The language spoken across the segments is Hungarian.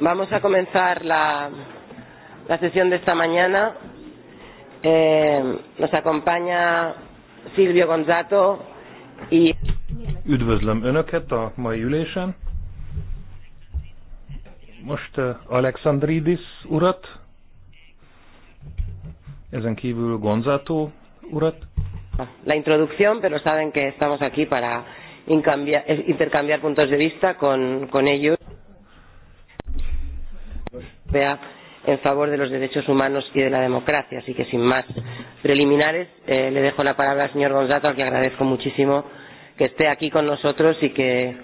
Vamos a comenzar la, la sesión de esta mañana. Eh, nos acompaña Silvio Gonzato y... Üdvözlöm Önöket a mai ülésen. Most eh, Alexandridis urat, ezen kívül Gonzato urat. La introducción, pero saben que estamos aquí para eh, intercambiar puntos de vista con, con ellos. Europea en favor de los derechos humanos y de la democracia. Así que, sin más preliminares, eh, le dejo la palabra al señor Gonzato, al que agradezco muchísimo que esté aquí con nosotros y que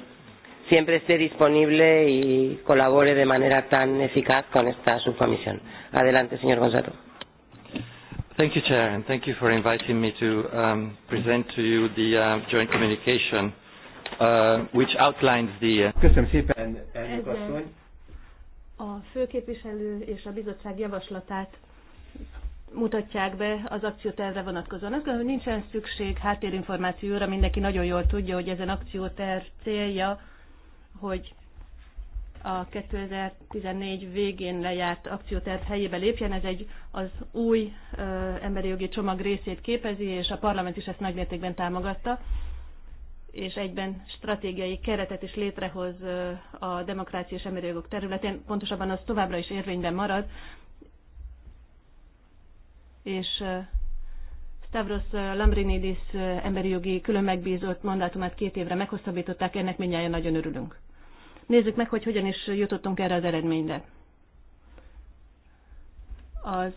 siempre esté disponible y colabore de manera tan eficaz con esta subcomisión. Adelante, señor Gonzato. Thank you, Chair, and thank you for inviting me to um, present to you the uh, joint communication uh, which outlines the... Uh... Köszönöm szépen, elnök asszony! A főképviselő és a bizottság javaslatát mutatják be az akciótervre vonatkozóan. Akkor nincsen szükség háttérinformációra, mindenki nagyon jól tudja, hogy ezen akcióterv célja, hogy a 2014 végén lejárt akcióterv helyébe lépjen. Ez egy az új ö, emberi jogi csomag részét képezi, és a parlament is ezt nagymértékben támogatta és egyben stratégiai keretet is létrehoz a demokrácia és emberi jogok területén, pontosabban az továbbra is érvényben marad, és Stavros Lambrinidis emberi jogi külön megbízott mandátumát két évre meghosszabbították, ennek mindjárt nagyon örülünk. Nézzük meg, hogy hogyan is jutottunk erre az eredményre. Az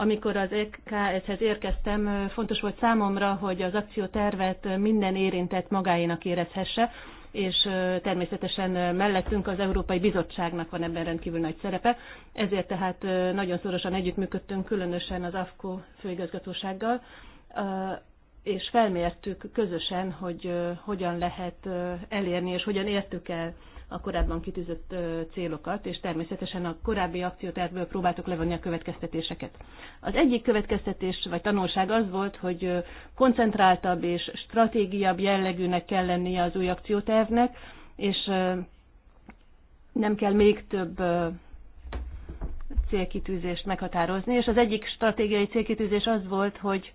amikor az EKS-hez érkeztem, fontos volt számomra, hogy az akciótervet minden érintett magáénak érezhesse, és természetesen mellettünk az Európai Bizottságnak van ebben rendkívül nagy szerepe. Ezért tehát nagyon szorosan együttműködtünk, különösen az AFKO főigazgatósággal, és felmértük közösen, hogy hogyan lehet elérni, és hogyan értük el a korábban kitűzött célokat, és természetesen a korábbi akciótervből próbáltuk levonni a következtetéseket. Az egyik következtetés vagy tanulság az volt, hogy koncentráltabb és stratégiabb jellegűnek kell lennie az új akciótervnek, és nem kell még több célkitűzést meghatározni, és az egyik stratégiai célkitűzés az volt, hogy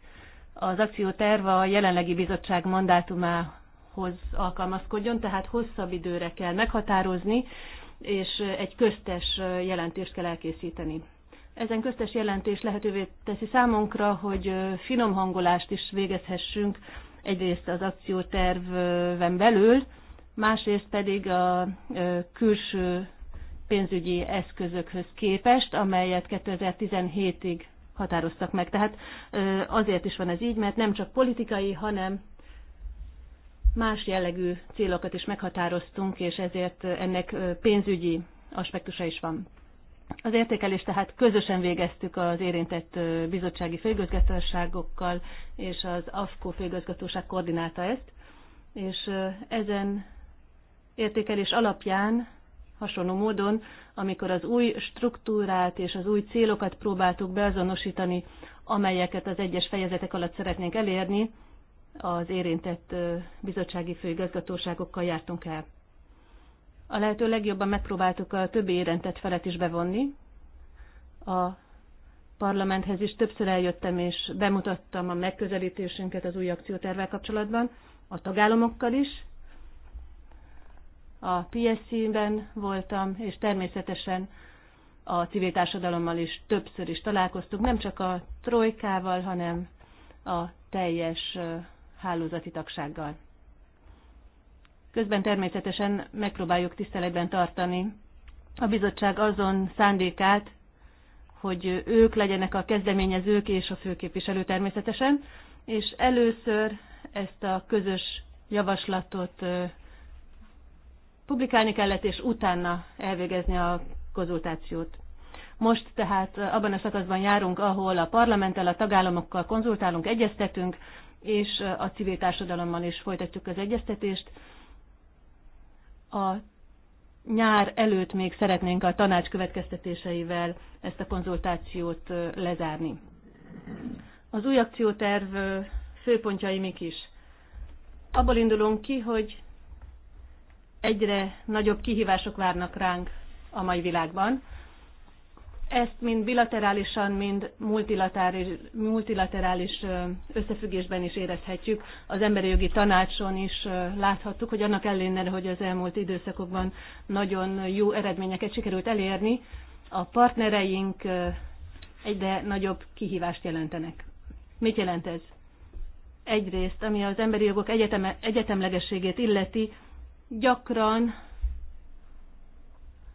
az akcióterv a jelenlegi bizottság mandátumá hoz alkalmazkodjon, tehát hosszabb időre kell meghatározni, és egy köztes jelentést kell elkészíteni. Ezen köztes jelentés lehetővé teszi számunkra, hogy finom hangolást is végezhessünk egyrészt az akcióterven belül, másrészt pedig a külső pénzügyi eszközökhöz képest, amelyet 2017-ig határoztak meg. Tehát azért is van ez így, mert nem csak politikai, hanem más jellegű célokat is meghatároztunk, és ezért ennek pénzügyi aspektusa is van. Az értékelést tehát közösen végeztük az érintett bizottsági főigazgatóságokkal, és az AFKO főigazgatóság koordinálta ezt, és ezen értékelés alapján hasonló módon, amikor az új struktúrát és az új célokat próbáltuk beazonosítani, amelyeket az egyes fejezetek alatt szeretnénk elérni, az érintett bizottsági főigazgatóságokkal jártunk el. A lehető legjobban megpróbáltuk a többi érintett felet is bevonni. A parlamenthez is többször eljöttem és bemutattam a megközelítésünket az új akciótervel kapcsolatban, a tagállamokkal is. A PSC-ben voltam, és természetesen a civil társadalommal is többször is találkoztunk, nem csak a trojkával, hanem a teljes hálózati tagsággal. Közben természetesen megpróbáljuk tiszteletben tartani a bizottság azon szándékát, hogy ők legyenek a kezdeményezők és a főképviselő természetesen, és először ezt a közös javaslatot publikálni kellett, és utána elvégezni a konzultációt. Most tehát abban a szakaszban járunk, ahol a parlamenttel, a tagállamokkal konzultálunk, egyeztetünk, és a civil társadalommal is folytatjuk az egyeztetést. A nyár előtt még szeretnénk a tanács következtetéseivel ezt a konzultációt lezárni. Az új akcióterv főpontjai mik is? Abból indulunk ki, hogy egyre nagyobb kihívások várnak ránk a mai világban, ezt mind bilaterálisan, mind multilaterális, multilaterális összefüggésben is érezhetjük. Az emberi jogi tanácson is láthattuk, hogy annak ellenére, hogy az elmúlt időszakokban nagyon jó eredményeket sikerült elérni, a partnereink egyre nagyobb kihívást jelentenek. Mit jelent ez? Egyrészt, ami az emberi jogok egyeteme, egyetemlegességét illeti, gyakran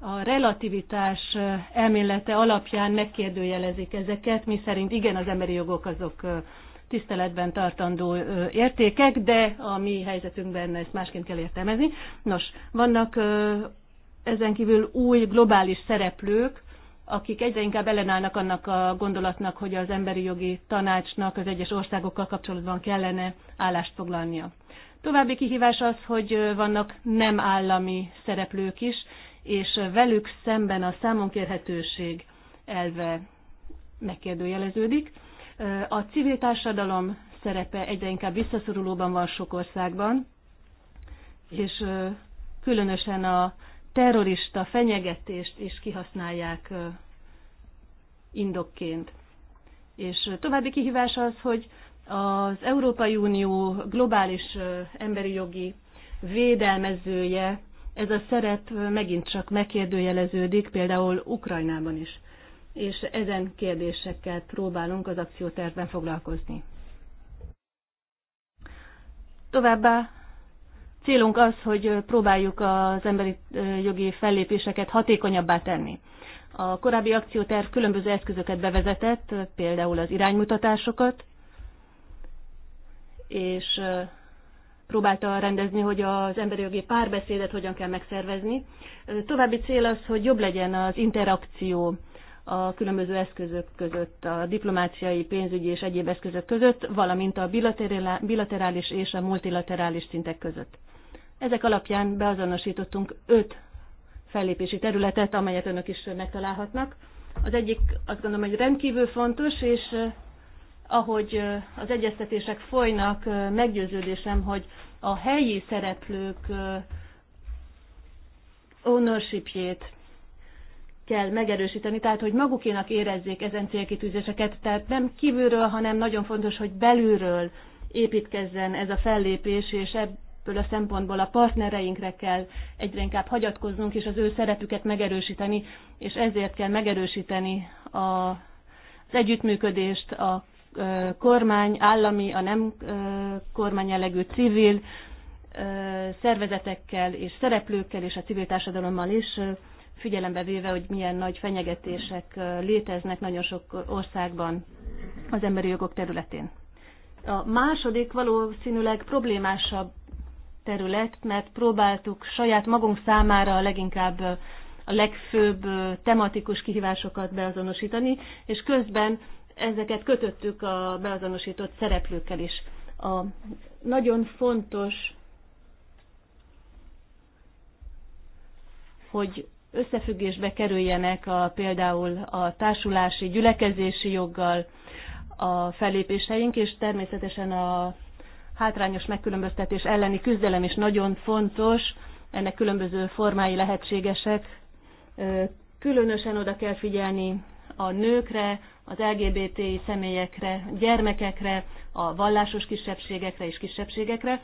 a relativitás elmélete alapján megkérdőjelezik ezeket, mi szerint igen, az emberi jogok azok tiszteletben tartandó értékek, de a mi helyzetünkben ezt másként kell értelmezni. Nos, vannak ezen kívül új globális szereplők, akik egyre inkább ellenállnak annak a gondolatnak, hogy az emberi jogi tanácsnak az egyes országokkal kapcsolatban kellene állást foglalnia. További kihívás az, hogy vannak nem állami szereplők is, és velük szemben a számonkérhetőség elve megkérdőjeleződik. A civil társadalom szerepe egyre inkább visszaszorulóban van sok országban, és különösen a terrorista fenyegetést is kihasználják indokként. És további kihívás az, hogy az Európai Unió globális emberi jogi védelmezője ez a szerep megint csak megkérdőjeleződik, például Ukrajnában is. És ezen kérdésekkel próbálunk az akciótervben foglalkozni. Továbbá célunk az, hogy próbáljuk az emberi jogi fellépéseket hatékonyabbá tenni. A korábbi akcióterv különböző eszközöket bevezetett, például az iránymutatásokat, és próbálta rendezni, hogy az emberi jogi párbeszédet hogyan kell megszervezni. További cél az, hogy jobb legyen az interakció a különböző eszközök között, a diplomáciai, pénzügyi és egyéb eszközök között, valamint a bilaterális és a multilaterális szintek között. Ezek alapján beazonosítottunk öt fellépési területet, amelyet önök is megtalálhatnak. Az egyik azt gondolom, hogy rendkívül fontos, és ahogy az egyeztetések folynak, meggyőződésem, hogy a helyi szereplők ownershipjét kell megerősíteni, tehát hogy magukénak érezzék ezen célkitűzéseket, tehát nem kívülről, hanem nagyon fontos, hogy belülről építkezzen ez a fellépés, és ebből a szempontból a partnereinkre kell egyre inkább hagyatkoznunk, és az ő szerepüket megerősíteni, és ezért kell megerősíteni a, az együttműködést, a kormány, állami, a nem kormány jellegű civil szervezetekkel és szereplőkkel és a civil társadalommal is, figyelembe véve, hogy milyen nagy fenyegetések léteznek nagyon sok országban az emberi jogok területén. A második valószínűleg problémásabb terület, mert próbáltuk saját magunk számára a leginkább a legfőbb tematikus kihívásokat beazonosítani, és közben ezeket kötöttük a beazonosított szereplőkkel is. A nagyon fontos, hogy összefüggésbe kerüljenek a, például a társulási, gyülekezési joggal a fellépéseink, és természetesen a hátrányos megkülönböztetés elleni küzdelem is nagyon fontos, ennek különböző formái lehetségesek. Különösen oda kell figyelni a nőkre, az LGBT személyekre, gyermekekre, a vallásos kisebbségekre és kisebbségekre.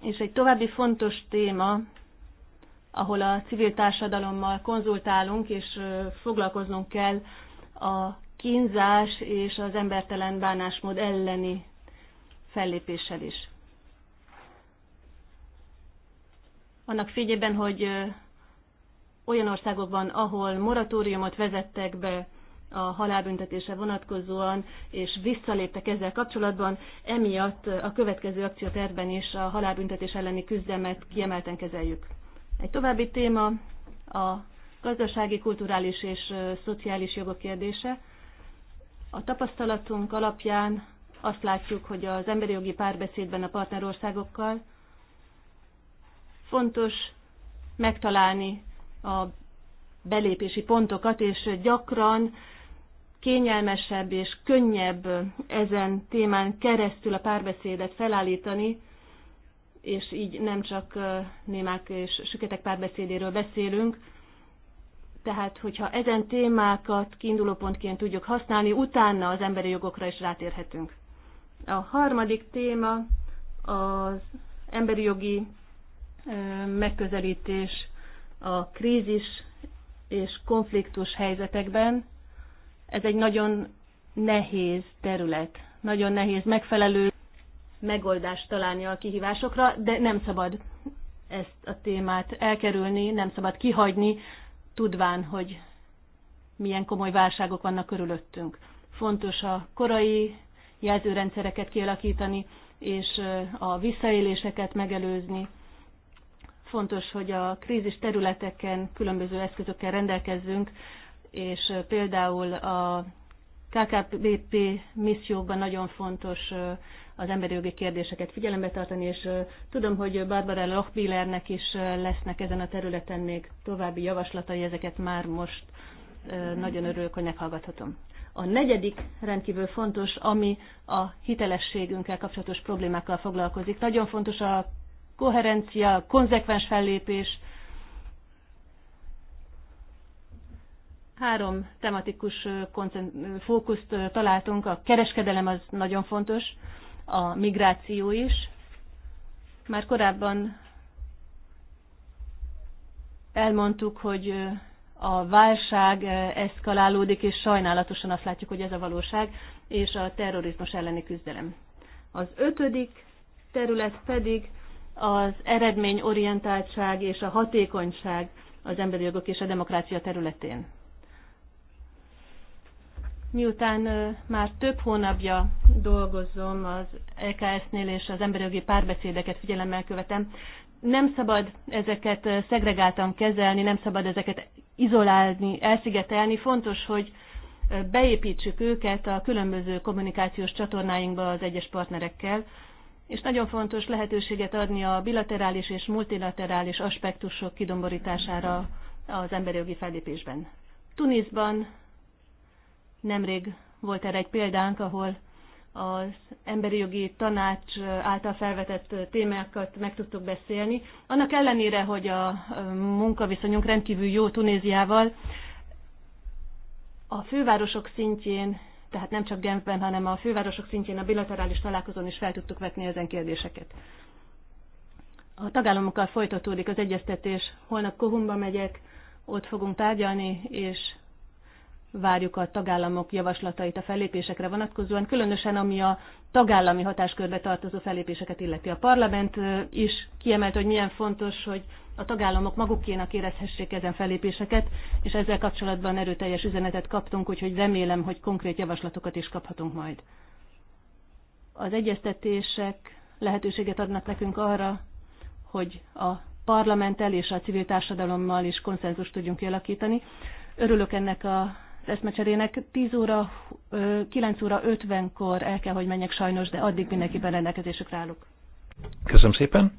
És egy további fontos téma, ahol a civil társadalommal konzultálunk és foglalkoznunk kell a kínzás és az embertelen bánásmód elleni fellépéssel is. Annak fényében, hogy olyan országokban, ahol moratóriumot vezettek be a halálbüntetése vonatkozóan, és visszaléptek ezzel kapcsolatban, emiatt a következő akciótervben is a halálbüntetés elleni küzdelmet kiemelten kezeljük. Egy további téma a gazdasági, kulturális és szociális jogok kérdése. A tapasztalatunk alapján azt látjuk, hogy az emberi jogi párbeszédben a partnerországokkal fontos megtalálni a belépési pontokat, és gyakran kényelmesebb és könnyebb ezen témán keresztül a párbeszédet felállítani, és így nem csak némák és süketek párbeszédéről beszélünk, tehát, hogyha ezen témákat kiindulópontként tudjuk használni, utána az emberi jogokra is rátérhetünk. A harmadik téma az emberi jogi megközelítés a krízis és konfliktus helyzetekben, ez egy nagyon nehéz terület, nagyon nehéz megfelelő megoldást találni a kihívásokra, de nem szabad ezt a témát elkerülni, nem szabad kihagyni, tudván, hogy milyen komoly válságok vannak körülöttünk. Fontos a korai jelzőrendszereket kialakítani, és a visszaéléseket megelőzni. Fontos, hogy a krízis területeken különböző eszközökkel rendelkezzünk, és például a KKPP misszióban nagyon fontos az emberi jogi kérdéseket figyelembe tartani, és tudom, hogy Barbara Lochbillernek is lesznek ezen a területen még további javaslatai, ezeket már most nagyon örülök, hogy meghallgathatom. A negyedik rendkívül fontos, ami a hitelességünkkel kapcsolatos problémákkal foglalkozik. Nagyon fontos a koherencia, a konzekvens fellépés, Három tematikus fókuszt találtunk, a kereskedelem az nagyon fontos, a migráció is. Már korábban elmondtuk, hogy a válság eszkalálódik, és sajnálatosan azt látjuk, hogy ez a valóság, és a terrorizmus elleni küzdelem. Az ötödik terület pedig az eredményorientáltság és a hatékonyság az emberi jogok és a demokrácia területén. Miután már több hónapja dolgozom az EKS-nél és az emberjogi párbeszédeket figyelemmel követem, nem szabad ezeket szegregáltan kezelni, nem szabad ezeket izolálni, elszigetelni. Fontos, hogy beépítsük őket a különböző kommunikációs csatornáinkba az egyes partnerekkel, és nagyon fontos lehetőséget adni a bilaterális és multilaterális aspektusok kidomborítására az emberjogi fellépésben. Tunisban Nemrég volt erre egy példánk, ahol az emberi jogi tanács által felvetett témákat meg tudtuk beszélni. Annak ellenére, hogy a munkaviszonyunk rendkívül jó Tunéziával, a fővárosok szintjén, tehát nem csak Genfben, hanem a fővárosok szintjén a bilaterális találkozón is fel tudtuk vetni ezen kérdéseket. A tagállamokkal folytatódik az egyeztetés, holnap Kohumba megyek, ott fogunk tárgyalni, és várjuk a tagállamok javaslatait a fellépésekre vonatkozóan, különösen ami a tagállami hatáskörbe tartozó fellépéseket illeti. A parlament is kiemelt, hogy milyen fontos, hogy a tagállamok magukénak érezhessék ezen fellépéseket, és ezzel kapcsolatban erőteljes üzenetet kaptunk, úgyhogy remélem, hogy konkrét javaslatokat is kaphatunk majd. Az egyeztetések lehetőséget adnak nekünk arra, hogy a parlamenttel és a civil társadalommal is konszenzust tudjunk kialakítani. Örülök ennek a eszmecserének. 10 óra, 9 óra 50-kor el kell, hogy menjek sajnos, de addig mindenképpen rendelkezésük ráluk. Köszönöm szépen.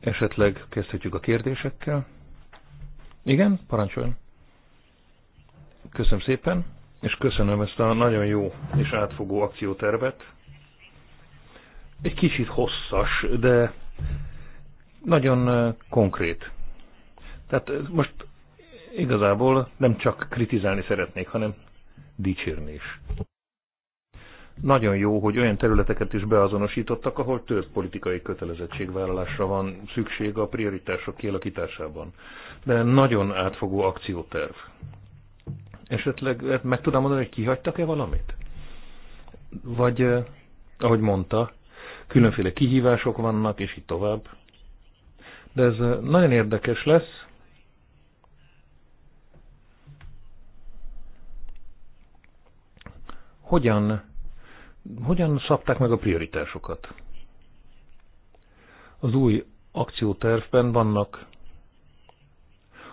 Esetleg kezdhetjük a kérdésekkel. Igen, parancsoljon. Köszönöm szépen, és köszönöm ezt a nagyon jó és átfogó akciótervet. Egy kicsit hosszas, de nagyon konkrét. Tehát most igazából nem csak kritizálni szeretnék, hanem dicsérni is. Nagyon jó, hogy olyan területeket is beazonosítottak, ahol több politikai kötelezettségvállalásra van szükség a prioritások kialakításában. De nagyon átfogó akcióterv. Esetleg hát meg tudom mondani, hogy kihagytak-e valamit? Vagy, eh, ahogy mondta, különféle kihívások vannak, és így tovább. De ez eh, nagyon érdekes lesz, hogyan, hogyan szabták meg a prioritásokat? Az új akciótervben vannak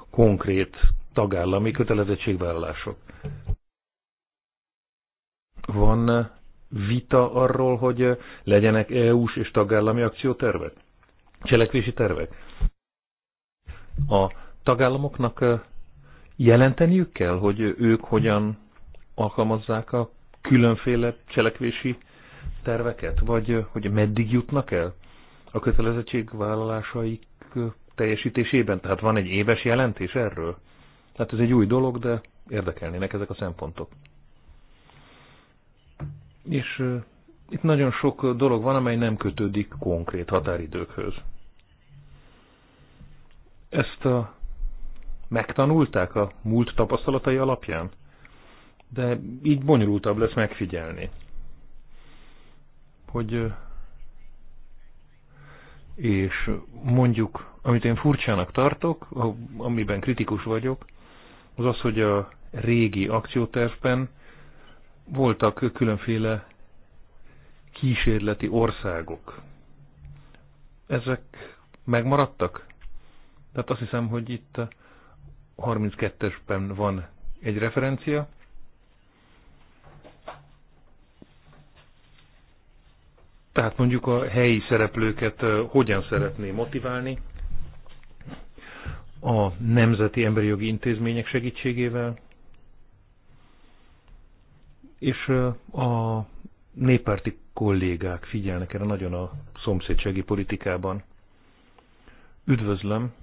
konkrét tagállami kötelezettségvállalások. Van vita arról, hogy legyenek EU-s és tagállami akciótervek? Cselekvési tervek? A tagállamoknak jelenteniük kell, hogy ők hogyan alkalmazzák a különféle cselekvési terveket, vagy hogy meddig jutnak el a kötelezettségvállalásaik teljesítésében? Tehát van egy éves jelentés erről? Tehát ez egy új dolog, de érdekelnének ezek a szempontok. És uh, itt nagyon sok dolog van, amely nem kötődik konkrét határidőkhöz. Ezt a, megtanulták a múlt tapasztalatai alapján? de így bonyolultabb lesz megfigyelni. Hogy és mondjuk, amit én furcsának tartok, amiben kritikus vagyok, az az, hogy a régi akciótervben voltak különféle kísérleti országok. Ezek megmaradtak? Tehát azt hiszem, hogy itt a 32-esben van egy referencia, Tehát mondjuk a helyi szereplőket hogyan szeretné motiválni? A nemzeti emberi jogi intézmények segítségével, és a néppárti kollégák figyelnek erre nagyon a szomszédsági politikában. Üdvözlöm,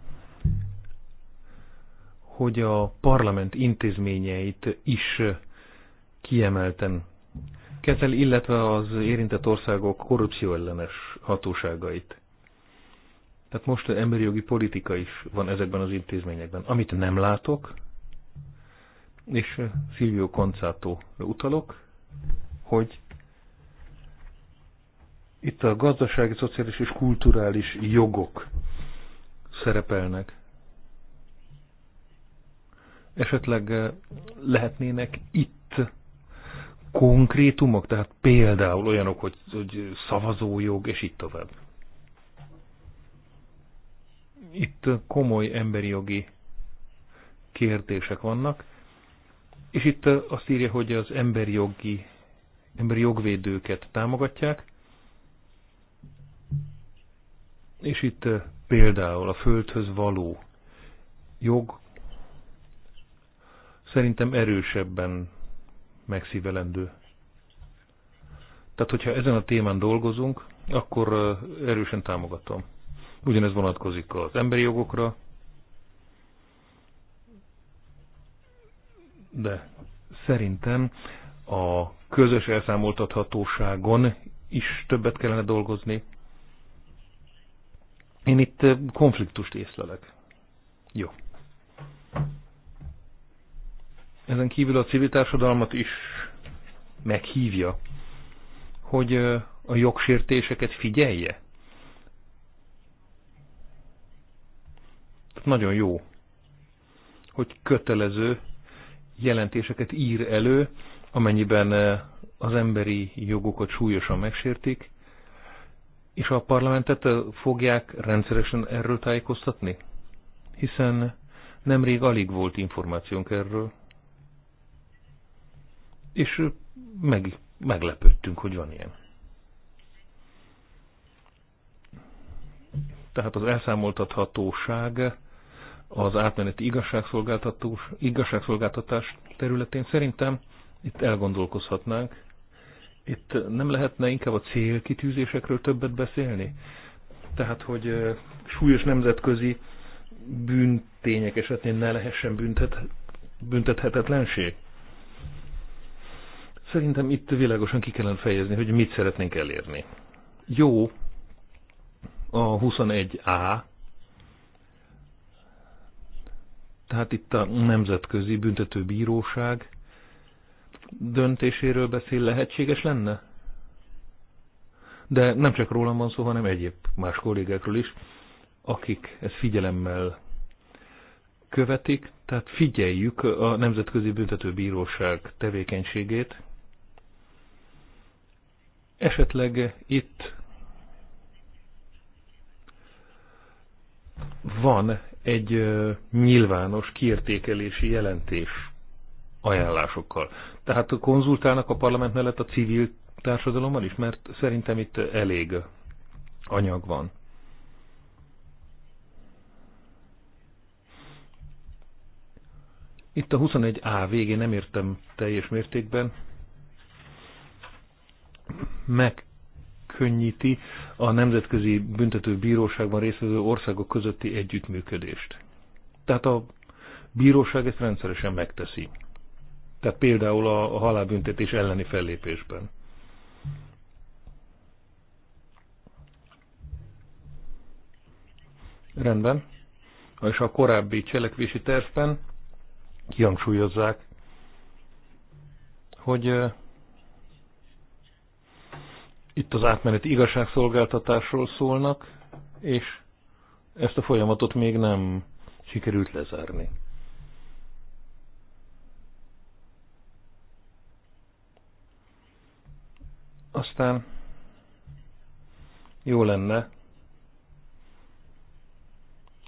hogy a parlament intézményeit is kiemelten kezel, illetve az érintett országok korrupció ellenes hatóságait. Tehát most a emberi jogi politika is van ezekben az intézményekben. Amit nem látok, és Silvio Concato utalok, hogy itt a gazdasági, szociális és kulturális jogok szerepelnek. Esetleg lehetnének itt konkrétumok, tehát például olyanok, hogy, hogy szavazójog, és így tovább. Itt komoly emberi jogi kérdések vannak, és itt azt írja, hogy az emberi jogi, emberi jogvédőket támogatják, és itt például a földhöz való jog szerintem erősebben megszívelendő. Tehát, hogyha ezen a témán dolgozunk, akkor erősen támogatom. Ugyanez vonatkozik az emberi jogokra, de szerintem a közös elszámoltathatóságon is többet kellene dolgozni. Én itt konfliktust észlelek. Jó. Ezen kívül a civil társadalmat is meghívja, hogy a jogsértéseket figyelje. Tehát nagyon jó, hogy kötelező jelentéseket ír elő, amennyiben az emberi jogokat súlyosan megsértik, és a parlamentet fogják rendszeresen erről tájékoztatni? Hiszen nemrég alig volt információnk erről és meg, meglepődtünk, hogy van ilyen. Tehát az elszámoltathatóság az átmeneti igazságszolgáltatás, igazságszolgáltatás területén szerintem itt elgondolkozhatnánk. Itt nem lehetne inkább a célkitűzésekről többet beszélni? Tehát, hogy súlyos nemzetközi bűntények esetén ne lehessen büntet, büntethetetlenség? Szerintem itt világosan ki kellene fejezni, hogy mit szeretnénk elérni. Jó, a 21A, tehát itt a Nemzetközi Büntetőbíróság döntéséről beszél, lehetséges lenne? De nem csak rólam van szó, hanem egyéb más kollégákról is, akik ezt figyelemmel követik, tehát figyeljük a Nemzetközi Büntetőbíróság tevékenységét, Esetleg itt van egy nyilvános kiértékelési jelentés ajánlásokkal. Tehát konzultálnak a parlament mellett a civil társadalommal is, mert szerintem itt elég anyag van. Itt a 21A végén nem értem teljes mértékben, megkönnyíti a Nemzetközi Büntető Bíróságban résztvevő országok közötti együttműködést. Tehát a bíróság ezt rendszeresen megteszi. Tehát például a, a halálbüntetés elleni fellépésben. Rendben. És a korábbi cselekvési tervben kihangsúlyozzák, hogy itt az átmeneti igazságszolgáltatásról szólnak, és ezt a folyamatot még nem sikerült lezárni. Aztán jó lenne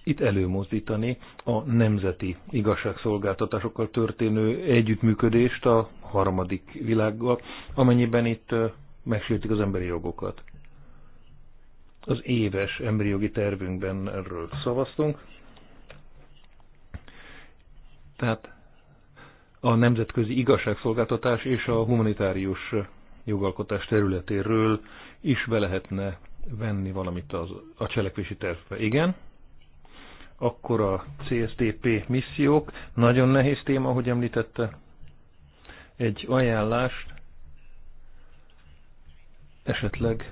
itt előmozdítani a nemzeti igazságszolgáltatásokkal történő együttműködést a harmadik világgal, amennyiben itt megsértik az emberi jogokat. Az éves emberi jogi tervünkben erről szavaztunk. Tehát a nemzetközi igazságszolgáltatás és a humanitárius jogalkotás területéről is be lehetne venni valamit az, a cselekvési tervbe. Igen, akkor a CSTP missziók, nagyon nehéz téma, ahogy említette, egy ajánlást esetleg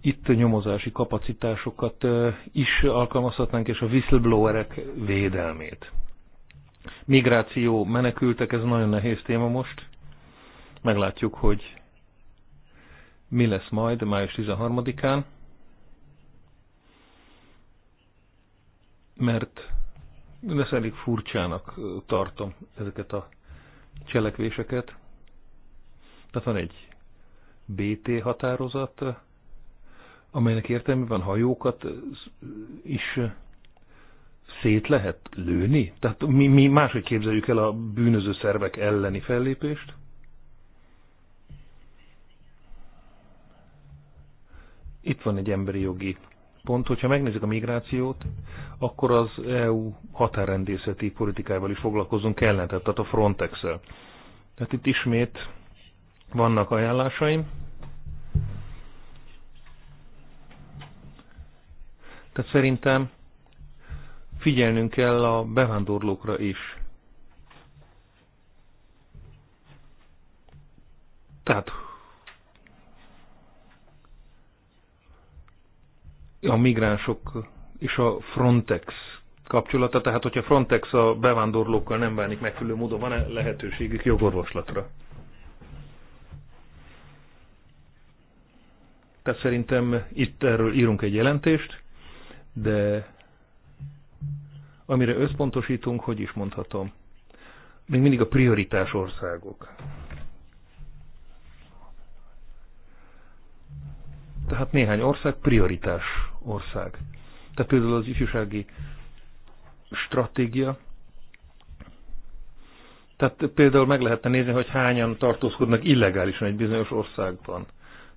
itt nyomozási kapacitásokat is alkalmazhatnánk, és a whistleblowerek védelmét. Migráció, menekültek, ez nagyon nehéz téma most. Meglátjuk, hogy mi lesz majd május 13-án. Mert lesz elég furcsának tartom ezeket a cselekvéseket. Tehát van egy BT határozat, amelynek értelmében hajókat is szét lehet lőni? Tehát mi, mi máshogy képzeljük el a bűnöző szervek elleni fellépést? Itt van egy emberi jogi pont, hogyha megnézzük a migrációt, akkor az EU határrendészeti politikával is foglalkozunk kellene, tehát a Frontex-el. Tehát itt ismét vannak ajánlásaim. Tehát szerintem figyelnünk kell a bevándorlókra is. Tehát a migránsok és a Frontex kapcsolata, tehát hogyha Frontex a bevándorlókkal nem bánik megfelelő módon, van-e lehetőségük jogorvoslatra? Tehát szerintem itt erről írunk egy jelentést, de amire összpontosítunk, hogy is mondhatom, még mindig a prioritás országok. Tehát néhány ország prioritás ország. Tehát például az ifjúsági stratégia. Tehát például meg lehetne nézni, hogy hányan tartózkodnak illegálisan egy bizonyos országban.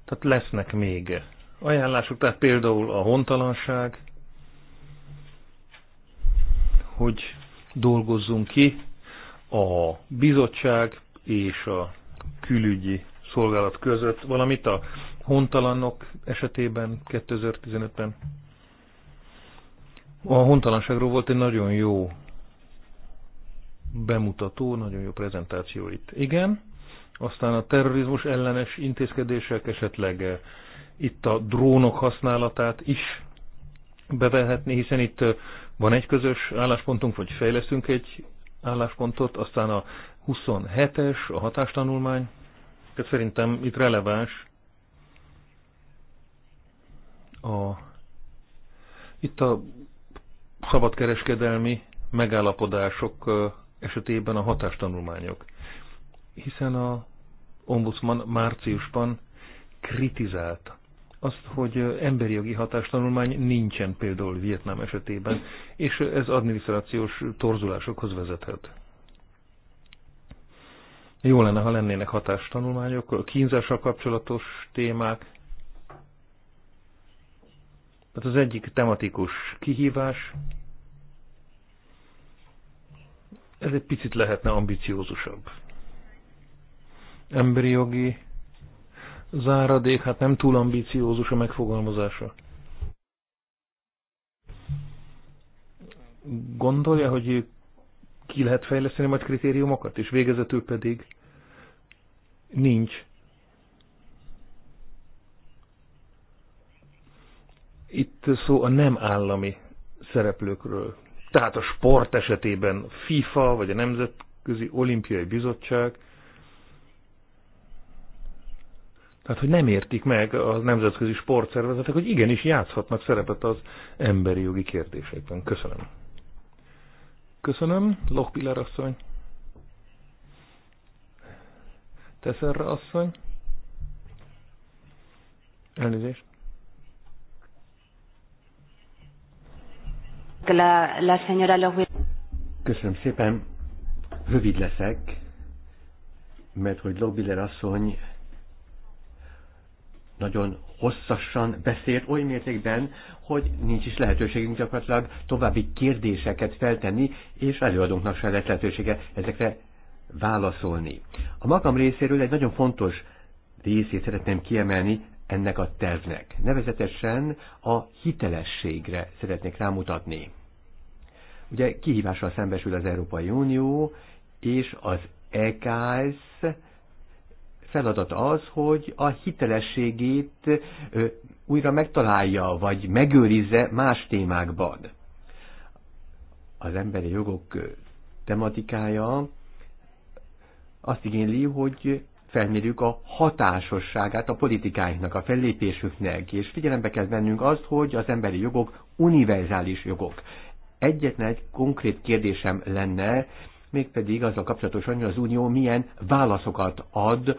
Tehát lesznek még ajánlások, tehát például a hontalanság, hogy dolgozzunk ki a bizottság és a külügyi szolgálat között, valamit a hontalanok esetében 2015-ben. A hontalanságról volt egy nagyon jó bemutató, nagyon jó prezentáció itt. Igen, aztán a terrorizmus ellenes intézkedések, esetleg eh, itt a drónok használatát is bevehetni, hiszen itt eh, van egy közös álláspontunk, vagy fejlesztünk egy álláspontot, aztán a 27-es, a hatástanulmány, tehát szerintem itt releváns a, itt a szabadkereskedelmi megállapodások eh, esetében a hatástanulmányok hiszen a ombudsman márciusban kritizálta azt, hogy emberi jogi hatástanulmány nincsen például Vietnám esetében, és ez adminisztrációs torzulásokhoz vezethet. Jó lenne, ha lennének hatástanulmányok, kínzással kapcsolatos témák. Tehát az egyik tematikus kihívás, ez egy picit lehetne ambiciózusabb emberi jogi záradék, hát nem túl ambiciózus a megfogalmazása. Gondolja, hogy ki lehet fejleszteni majd kritériumokat, és végezetül pedig nincs. Itt szó a nem állami szereplőkről. Tehát a sport esetében FIFA, vagy a Nemzetközi Olimpiai Bizottság, Tehát, hogy nem értik meg a nemzetközi sportszervezetek, hogy igenis játszhatnak szerepet az emberi jogi kérdésekben. Köszönöm. Köszönöm, Lokpiller asszony. Teszerre asszony. Elnézést. Köszönöm szépen. Rövid leszek, mert hogy Lokpiller asszony nagyon hosszasan beszélt, oly mértékben, hogy nincs is lehetőségünk gyakorlatilag további kérdéseket feltenni, és előadónknak sem lett lehetősége ezekre válaszolni. A magam részéről egy nagyon fontos részét szeretném kiemelni ennek a tervnek. Nevezetesen a hitelességre szeretnék rámutatni. Ugye kihívással szembesül az Európai Unió, és az EKS feladat az, hogy a hitelességét újra megtalálja, vagy megőrizze más témákban. Az emberi jogok tematikája azt igényli, hogy felmérjük a hatásosságát a politikáinknak, a fellépésüknek, és figyelembe kell vennünk azt, hogy az emberi jogok univerzális jogok. Egyetlen egy konkrét kérdésem lenne, mégpedig azzal kapcsolatosan, hogy az Unió milyen válaszokat ad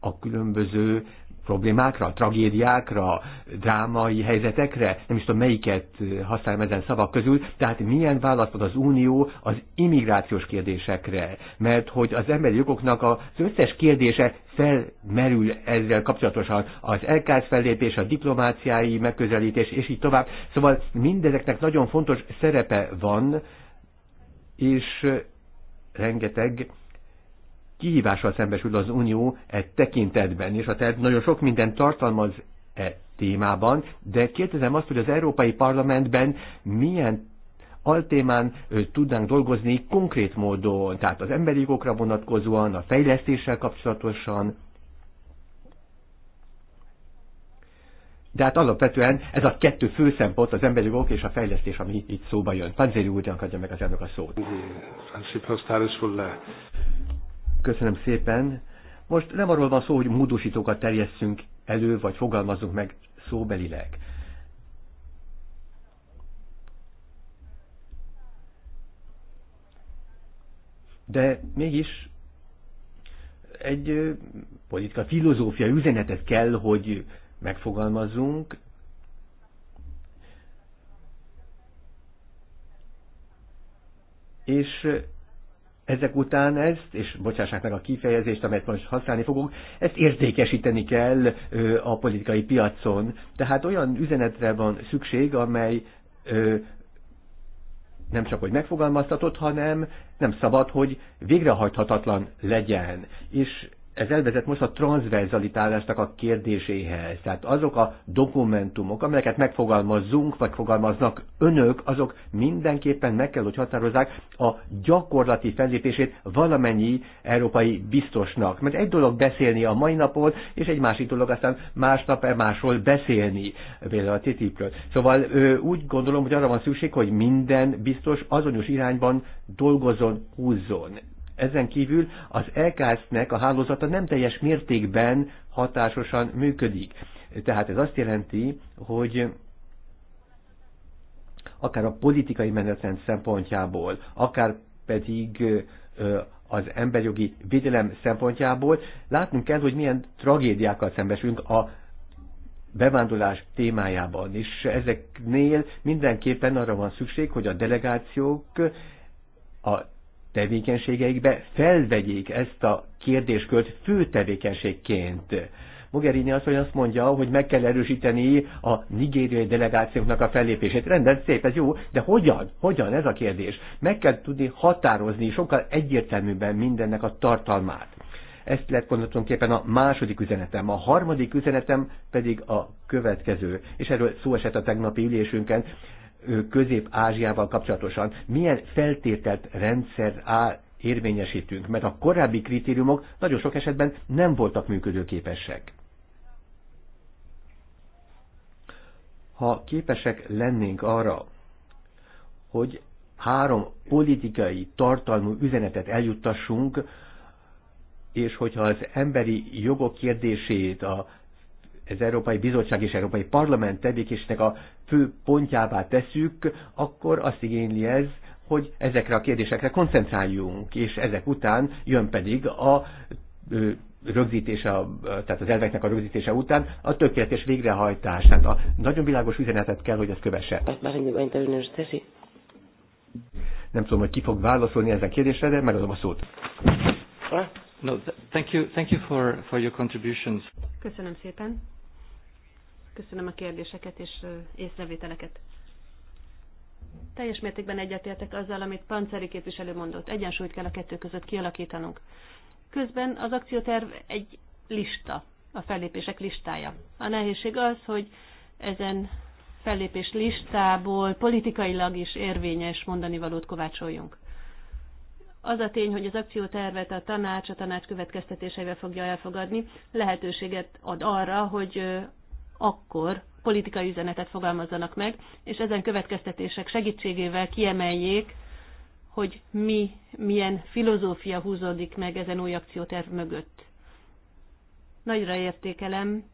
a különböző problémákra, tragédiákra, drámai helyzetekre, nem is tudom melyiket használom ezen szavak közül, tehát milyen választ ad az Unió az immigrációs kérdésekre, mert hogy az emberi jogoknak az összes kérdése felmerül ezzel kapcsolatosan az elkász fellépés, a diplomáciái megközelítés, és így tovább. Szóval mindezeknek nagyon fontos szerepe van, és rengeteg kihívással szembesül az Unió e tekintetben, és a terv nagyon sok mindent tartalmaz e témában, de kérdezem azt, hogy az Európai Parlamentben milyen altémán tudnánk dolgozni konkrét módon, tehát az emberi jogokra vonatkozóan, a fejlesztéssel kapcsolatosan, De hát alapvetően ez a kettő fő szempont, az emberi jogok és a fejlesztés, ami itt szóba jön. Panzéri úrnak adja meg az elnök a szót. Köszönöm szépen. Most nem arról van szó, hogy módosítókat terjesszünk elő, vagy fogalmazzunk meg szóbelileg. De mégis egy politika filozófia üzenetet kell, hogy megfogalmazzunk, és ezek után ezt, és bocsássák meg a kifejezést, amelyet most használni fogunk, ezt értékesíteni kell a politikai piacon. Tehát olyan üzenetre van szükség, amely nem csak hogy megfogalmaztatott, hanem nem szabad, hogy végrehajthatatlan legyen. És ez elvezet most a transverzalitálásnak a kérdéséhez. Tehát azok a dokumentumok, amelyeket megfogalmazzunk, vagy fogalmaznak önök, azok mindenképpen meg kell, hogy határozzák a gyakorlati fellépését valamennyi európai biztosnak. Mert egy dolog beszélni a mai napon, és egy másik dolog aztán másnap másról beszélni, például a TTIP-ről. Szóval úgy gondolom, hogy arra van szükség, hogy minden biztos azonos irányban dolgozon, húzzon. Ezen kívül az lks nek a hálózata nem teljes mértékben hatásosan működik. Tehát ez azt jelenti, hogy akár a politikai menetrend szempontjából, akár pedig az emberjogi védelem szempontjából látnunk kell, hogy milyen tragédiákkal szembesülünk a bevándorlás témájában, és ezeknél mindenképpen arra van szükség, hogy a delegációk a tevékenységeikbe felvegyék ezt a kérdéskört fő tevékenységként. Mogherini azt, hogy azt mondja, hogy meg kell erősíteni a nigériai delegációknak a fellépését. Rendben, szép, ez jó, de hogyan? Hogyan ez a kérdés? Meg kell tudni határozni sokkal egyértelműbben mindennek a tartalmát. Ezt lett tulajdonképpen a második üzenetem. A harmadik üzenetem pedig a következő, és erről szó esett a tegnapi ülésünkön. Közép-Ázsiával kapcsolatosan milyen feltételt rendszer áll érvényesítünk, mert a korábbi kritériumok nagyon sok esetben nem voltak működőképesek. Ha képesek lennénk arra, hogy három politikai tartalmú üzenetet eljuttassunk, és hogyha az emberi jogok kérdését, a az Európai Bizottság és Európai Parlament tevékésnek a fő pontjává tesszük, akkor azt igényli ez, hogy ezekre a kérdésekre koncentráljunk, és ezek után jön pedig a rögzítése, tehát az elveknek a rögzítése után a tökéletes végrehajtás. Tehát a nagyon világos üzenetet kell, hogy ezt kövesse. Nem tudom, hogy ki fog válaszolni ezen kérdésre, de megadom a szót. Ah, no, thank you, thank you for, for your contributions. Köszönöm szépen. Köszönöm a kérdéseket és észrevételeket. Teljes mértékben egyetértek azzal, amit Panceri képviselő mondott. Egyensúlyt kell a kettő között kialakítanunk. Közben az akcióterv egy lista, a fellépések listája. A nehézség az, hogy ezen fellépés listából politikailag is érvényes mondani valót kovácsoljunk. Az a tény, hogy az akciótervet a tanács a tanács következtetéseivel fogja elfogadni, lehetőséget ad arra, hogy akkor politikai üzenetet fogalmazzanak meg, és ezen következtetések segítségével kiemeljék, hogy mi, milyen filozófia húzódik meg ezen új akcióterv mögött. Nagyra értékelem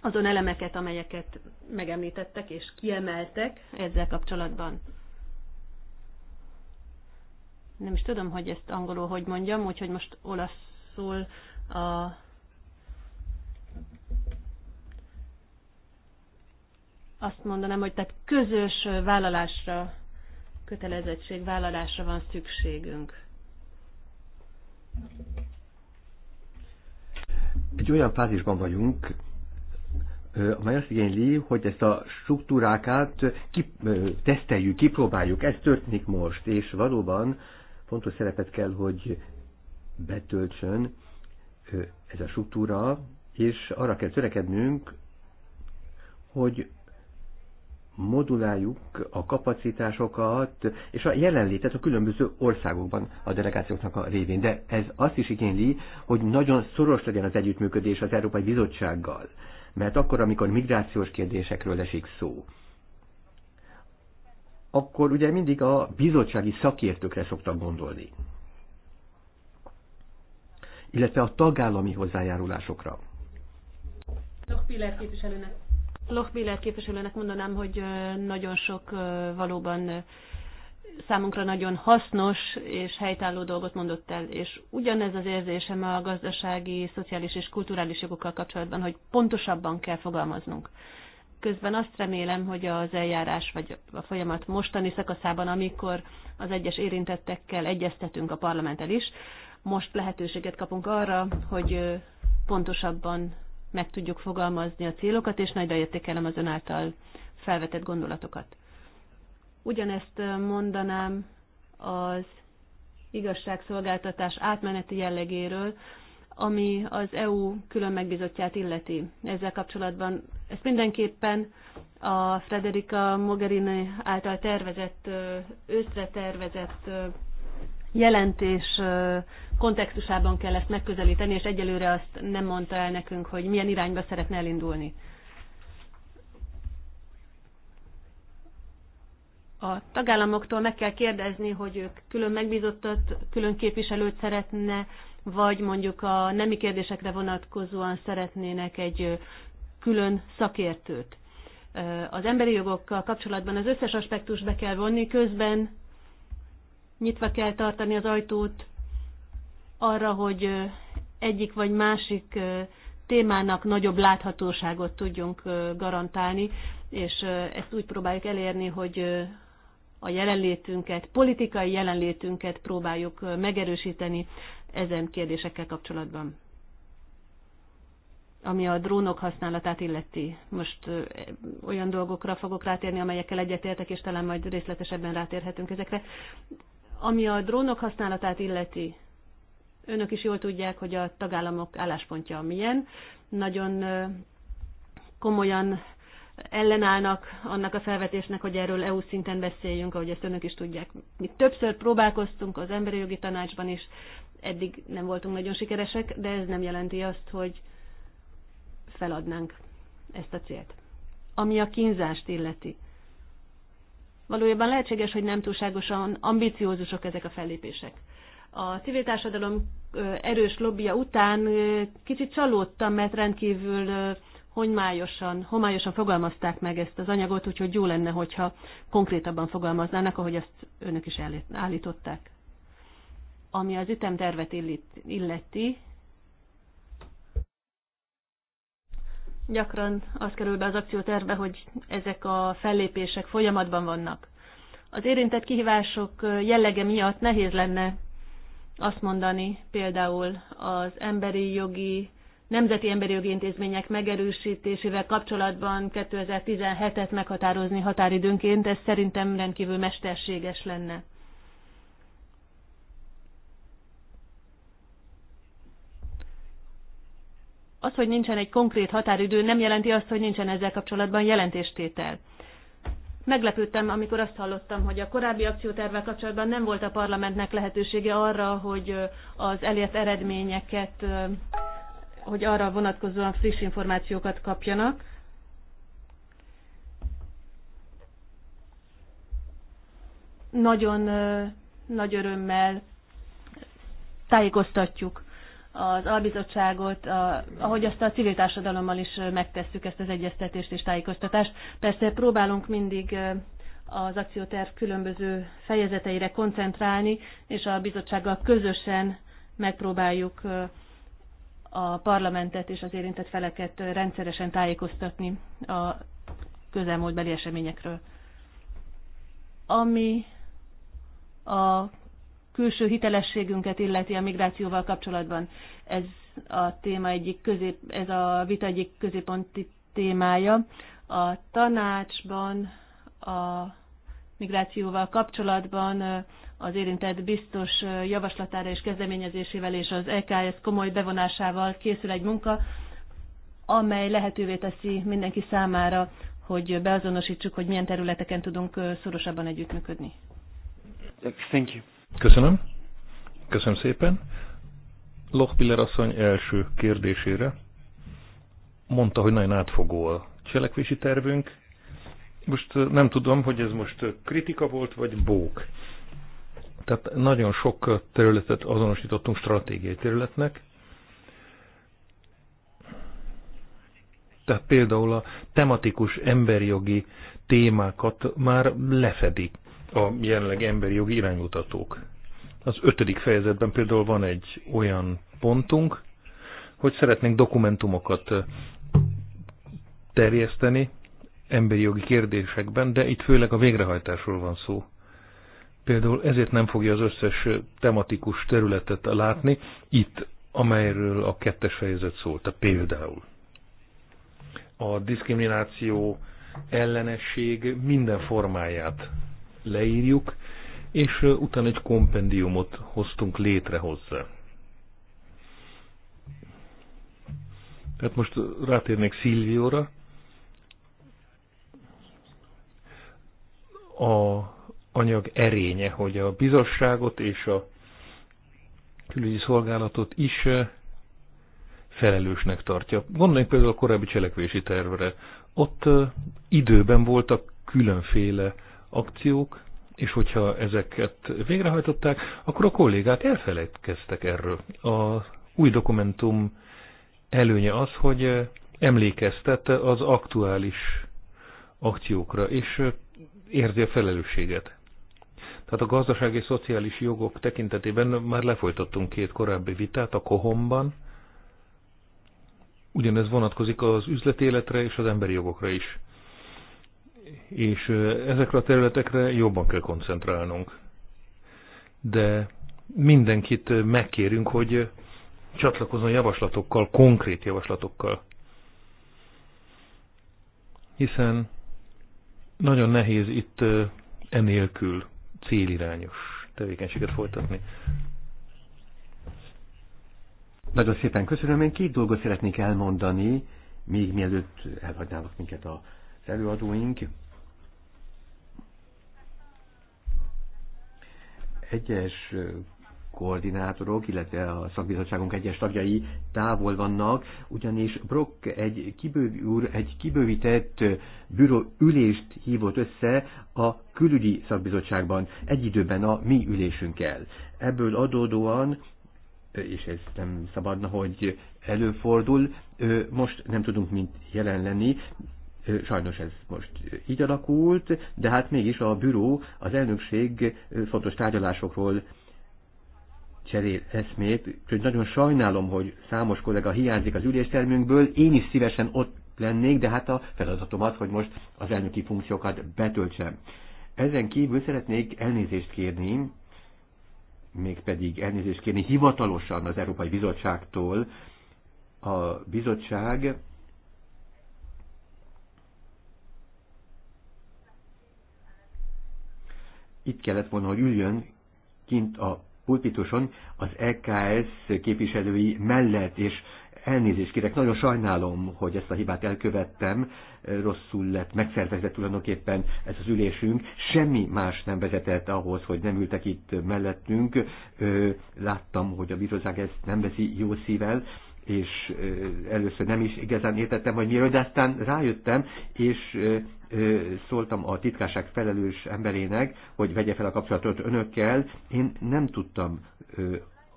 azon elemeket, amelyeket megemlítettek és kiemeltek ezzel kapcsolatban. Nem is tudom, hogy ezt angolul hogy mondjam, úgyhogy most olaszul a azt mondanám, hogy tehát közös vállalásra, kötelezettség vállalásra van szükségünk. Egy olyan fázisban vagyunk, amely azt igényli, hogy ezt a struktúrákat teszteljük, kipróbáljuk. Ez történik most, és valóban fontos szerepet kell, hogy betöltsön ez a struktúra, és arra kell törekednünk, hogy moduláljuk a kapacitásokat és a jelenlétet a különböző országokban a delegációknak a révén. De ez azt is igényli, hogy nagyon szoros legyen az együttműködés az Európai Bizottsággal. Mert akkor, amikor migrációs kérdésekről esik szó, akkor ugye mindig a bizottsági szakértőkre szoktak gondolni. Illetve a tagállami hozzájárulásokra. Piller képviselőnek Miller képviselőnek mondanám, hogy nagyon sok valóban számunkra nagyon hasznos és helytálló dolgot mondott el, és ugyanez az érzésem a gazdasági, szociális és kulturális jogokkal kapcsolatban, hogy pontosabban kell fogalmaznunk. Közben azt remélem, hogy az eljárás vagy a folyamat mostani szakaszában, amikor az egyes érintettekkel egyeztetünk a parlamenttel is, most lehetőséget kapunk arra, hogy pontosabban meg tudjuk fogalmazni a célokat, és nagyra értékelem az ön által felvetett gondolatokat. Ugyanezt mondanám az igazságszolgáltatás átmeneti jellegéről, ami az EU külön megbizotját illeti. Ezzel kapcsolatban ezt mindenképpen a Frederica Mogherini által tervezett, őszre tervezett jelentés kontextusában kell ezt megközelíteni, és egyelőre azt nem mondta el nekünk, hogy milyen irányba szeretne elindulni. a tagállamoktól meg kell kérdezni, hogy ők külön megbízottat, külön képviselőt szeretne, vagy mondjuk a nemi kérdésekre vonatkozóan szeretnének egy külön szakértőt. Az emberi jogokkal kapcsolatban az összes aspektus be kell vonni, közben nyitva kell tartani az ajtót arra, hogy egyik vagy másik témának nagyobb láthatóságot tudjunk garantálni, és ezt úgy próbáljuk elérni, hogy a jelenlétünket, politikai jelenlétünket próbáljuk megerősíteni ezen kérdésekkel kapcsolatban. Ami a drónok használatát illeti. Most olyan dolgokra fogok rátérni, amelyekkel egyetértek, és talán majd részletesebben rátérhetünk ezekre. Ami a drónok használatát illeti, önök is jól tudják, hogy a tagállamok álláspontja milyen. Nagyon komolyan ellenállnak annak a felvetésnek, hogy erről EU szinten beszéljünk, ahogy ezt önök is tudják. Mi többször próbálkoztunk az emberi jogi tanácsban is, eddig nem voltunk nagyon sikeresek, de ez nem jelenti azt, hogy feladnánk ezt a célt. Ami a kínzást illeti valójában lehetséges, hogy nem túlságosan ambiciózusok ezek a fellépések. A civil társadalom erős lobbija után kicsit csalódtam, mert rendkívül homályosan, homályosan fogalmazták meg ezt az anyagot, úgyhogy jó lenne, hogyha konkrétabban fogalmaznának, ahogy ezt önök is állították. Ami az ütemtervet illeti, Gyakran az kerül be az akciótervbe, hogy ezek a fellépések folyamatban vannak. Az érintett kihívások jellege miatt nehéz lenne azt mondani például az emberi jogi, nemzeti emberi jogi intézmények megerősítésével kapcsolatban 2017-et meghatározni határidőnként, ez szerintem rendkívül mesterséges lenne. Az, hogy nincsen egy konkrét határidő, nem jelenti azt, hogy nincsen ezzel kapcsolatban jelentéstétel. Meglepődtem, amikor azt hallottam, hogy a korábbi akciótervvel kapcsolatban nem volt a parlamentnek lehetősége arra, hogy az elért eredményeket, hogy arra vonatkozóan friss információkat kapjanak. Nagyon nagy örömmel tájékoztatjuk az albizottságot, a, ahogy azt a civil társadalommal is megtesszük ezt az egyeztetést és tájékoztatást. Persze próbálunk mindig az akcióterv különböző fejezeteire koncentrálni, és a bizottsággal közösen megpróbáljuk a parlamentet és az érintett feleket rendszeresen tájékoztatni a közelmúltbeli eseményekről. Ami a külső hitelességünket illeti a migrációval kapcsolatban. Ez a téma egyik közép, ez a vita egyik középponti témája. A tanácsban a migrációval kapcsolatban az érintett biztos javaslatára és kezdeményezésével és az EKS komoly bevonásával készül egy munka, amely lehetővé teszi mindenki számára, hogy beazonosítsuk, hogy milyen területeken tudunk szorosabban együttműködni. Thank you. Köszönöm. Köszönöm szépen. Lochbiller asszony első kérdésére mondta, hogy nagyon átfogó a cselekvési tervünk. Most nem tudom, hogy ez most kritika volt, vagy bók. Tehát nagyon sok területet azonosítottunk stratégiai területnek. Tehát például a tematikus emberjogi témákat már lefedik a jelenleg emberi jogi iránymutatók. Az ötödik fejezetben például van egy olyan pontunk, hogy szeretnénk dokumentumokat terjeszteni emberi jogi kérdésekben, de itt főleg a végrehajtásról van szó. Például ezért nem fogja az összes tematikus területet látni itt, amelyről a kettes fejezet szólt, a például. A diszkrimináció ellenesség minden formáját leírjuk, és utána egy kompendiumot hoztunk létre hozzá. Tehát most rátérnék Szilvióra. A anyag erénye, hogy a bizosságot és a külügyi szolgálatot is felelősnek tartja. Gondoljunk például a korábbi cselekvési tervre. Ott időben voltak különféle akciók, és hogyha ezeket végrehajtották, akkor a kollégák elfelejtkeztek erről. A új dokumentum előnye az, hogy eh, emlékeztet az aktuális akciókra, és eh, érzi a felelősséget. Tehát a gazdasági és szociális jogok tekintetében már lefolytattunk két korábbi vitát a Kohomban. Ugyanez vonatkozik az üzletéletre és az emberi jogokra is és ezekre a területekre jobban kell koncentrálnunk. De mindenkit megkérünk, hogy csatlakozzon javaslatokkal, konkrét javaslatokkal. Hiszen nagyon nehéz itt enélkül célirányos tevékenységet folytatni. Nagyon szépen köszönöm. Én két dolgot szeretnék elmondani, még mielőtt elhagynának minket a az előadóink egyes koordinátorok, illetve a szakbizottságunk egyes tagjai távol vannak, ugyanis Brock egy, kibőv, úr egy kibővített büro ülést hívott össze a külügyi szakbizottságban egy időben a mi ülésünkkel. Ebből adódóan és ez nem szabadna, hogy előfordul. Most nem tudunk mint jelen lenni, Sajnos ez most így alakult, de hát mégis a büró, az elnökség fontos tárgyalásokról cserél eszmét, úgyhogy nagyon sajnálom, hogy számos kollega hiányzik az üléstermünkből, én is szívesen ott lennék, de hát a feladatom az, hogy most az elnöki funkciókat betöltsem. Ezen kívül szeretnék elnézést kérni, mégpedig elnézést kérni hivatalosan az Európai Bizottságtól. A bizottság itt kellett volna, hogy üljön kint a pulpituson az EKS képviselői mellett, és elnézést kérek, nagyon sajnálom, hogy ezt a hibát elkövettem, rosszul lett megszervezett tulajdonképpen ez az ülésünk, semmi más nem vezetett ahhoz, hogy nem ültek itt mellettünk, láttam, hogy a bizottság ezt nem veszi jó szívvel, és először nem is igazán értettem, hogy miért, de aztán rájöttem, és szóltam a titkárság felelős emberének, hogy vegye fel a kapcsolatot önökkel. Én nem tudtam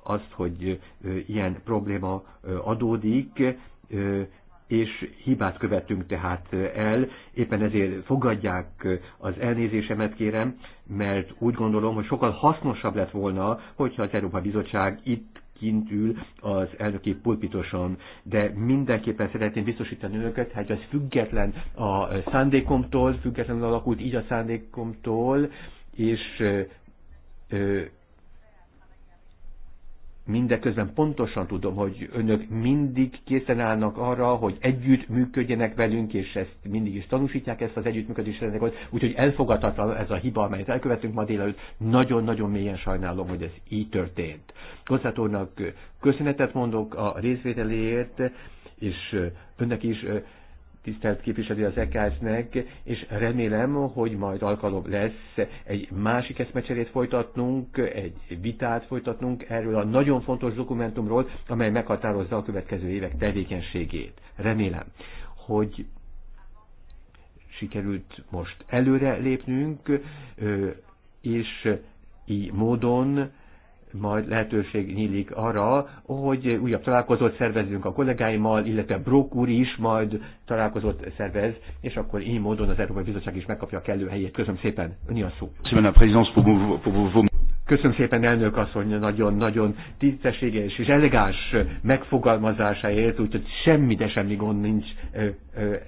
azt, hogy ilyen probléma adódik, és hibát követtünk tehát el, éppen ezért fogadják az elnézésemet kérem, mert úgy gondolom, hogy sokkal hasznosabb lett volna, hogyha az Európa Bizottság itt kint ül az elnöki pulpitoson, de mindenképpen szeretném biztosítani önöket, hogy hát ez független a szándékomtól, függetlenül alakult így a szándékomtól, és ö, ö, Mindeközben pontosan tudom, hogy önök mindig készen állnak arra, hogy együtt működjenek velünk, és ezt mindig is tanúsítják ezt az együttműködés rendeket, úgyhogy elfogadhatatlan ez a hiba, amelyet elkövetünk ma délelőtt. Nagyon-nagyon mélyen sajnálom, hogy ez így történt. Kosszátónak köszönetet mondok a részvételéért, és önnek is tisztelt képviseli az EKS-nek, és remélem, hogy majd alkalom lesz egy másik eszmecserét folytatnunk, egy vitát folytatnunk erről a nagyon fontos dokumentumról, amely meghatározza a következő évek tevékenységét. Remélem, hogy sikerült most előre lépnünk, és így módon majd lehetőség nyílik arra, hogy újabb találkozót szervezzünk a kollégáimmal, illetve Brok úr is majd találkozót szervez, és akkor így módon az Európai Bizottság is megkapja a kellő helyét. Köszönöm szépen, Öni a szó. Köszönöm szépen, elnök asszony, nagyon-nagyon tisztességes és elegáns megfogalmazásáért, úgyhogy semmi, de semmi gond nincs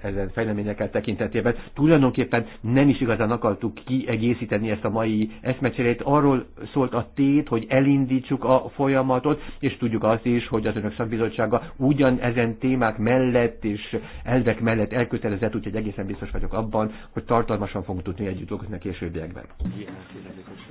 ezen fejleményeket tekintetében. Tulajdonképpen nem is igazán akartuk kiegészíteni ezt a mai eszmecserét. Arról szólt a tét, hogy elindítsuk a folyamatot, és tudjuk azt is, hogy az önök szakbizottsága ugyan ezen témák mellett és elvek mellett elkötelezett, úgyhogy egészen biztos vagyok abban, hogy tartalmasan fogunk tudni együtt dolgozni a későbbiekben. Yeah,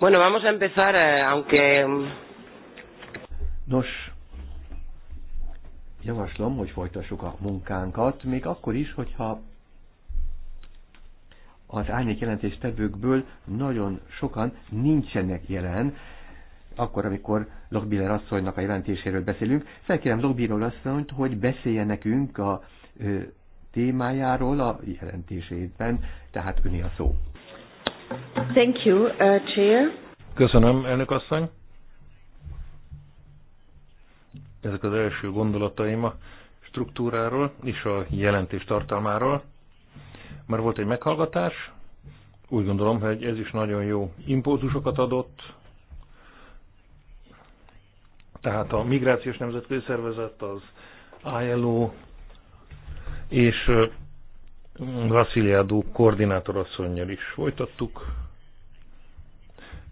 Bueno, vamos a empezar, eh, aunque... Mm, Nos, javaslom, hogy folytassuk a munkánkat, még akkor is, hogyha az árnyék jelentéstevőkből nagyon sokan nincsenek jelen, akkor, amikor Lokbiller asszonynak a jelentéséről beszélünk. Felkérem Lokbiller asszonyt, hogy beszélje nekünk a ö, témájáról a jelentésében, tehát öné a szó. Thank you, uh, Chair. Köszönöm, elnök asszony. Ezek az első gondolataim a struktúráról és a jelentés tartalmáról. Már volt egy meghallgatás, úgy gondolom, hogy ez is nagyon jó impulzusokat adott. Tehát a Migrációs Nemzetközi Szervezet, az ILO és Vasziliádó koordinátorasszonynal is folytattuk.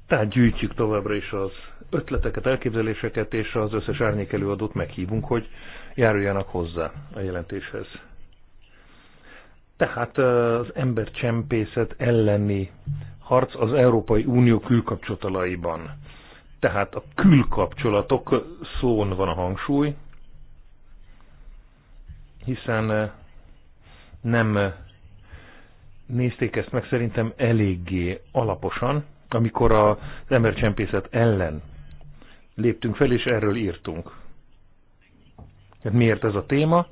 Tehát gyűjtjük továbbra is az ötleteket, elképzeléseket, és az összes árnyékelőadót meghívunk, hogy járuljanak hozzá a jelentéshez. Tehát az embercsempészet elleni harc az Európai Unió külkapcsolataiban. Tehát a külkapcsolatok szón van a hangsúly, hiszen nem nézték ezt meg szerintem eléggé alaposan, amikor az embercsempészet ellen léptünk fel, és erről írtunk. Hát miért ez a téma?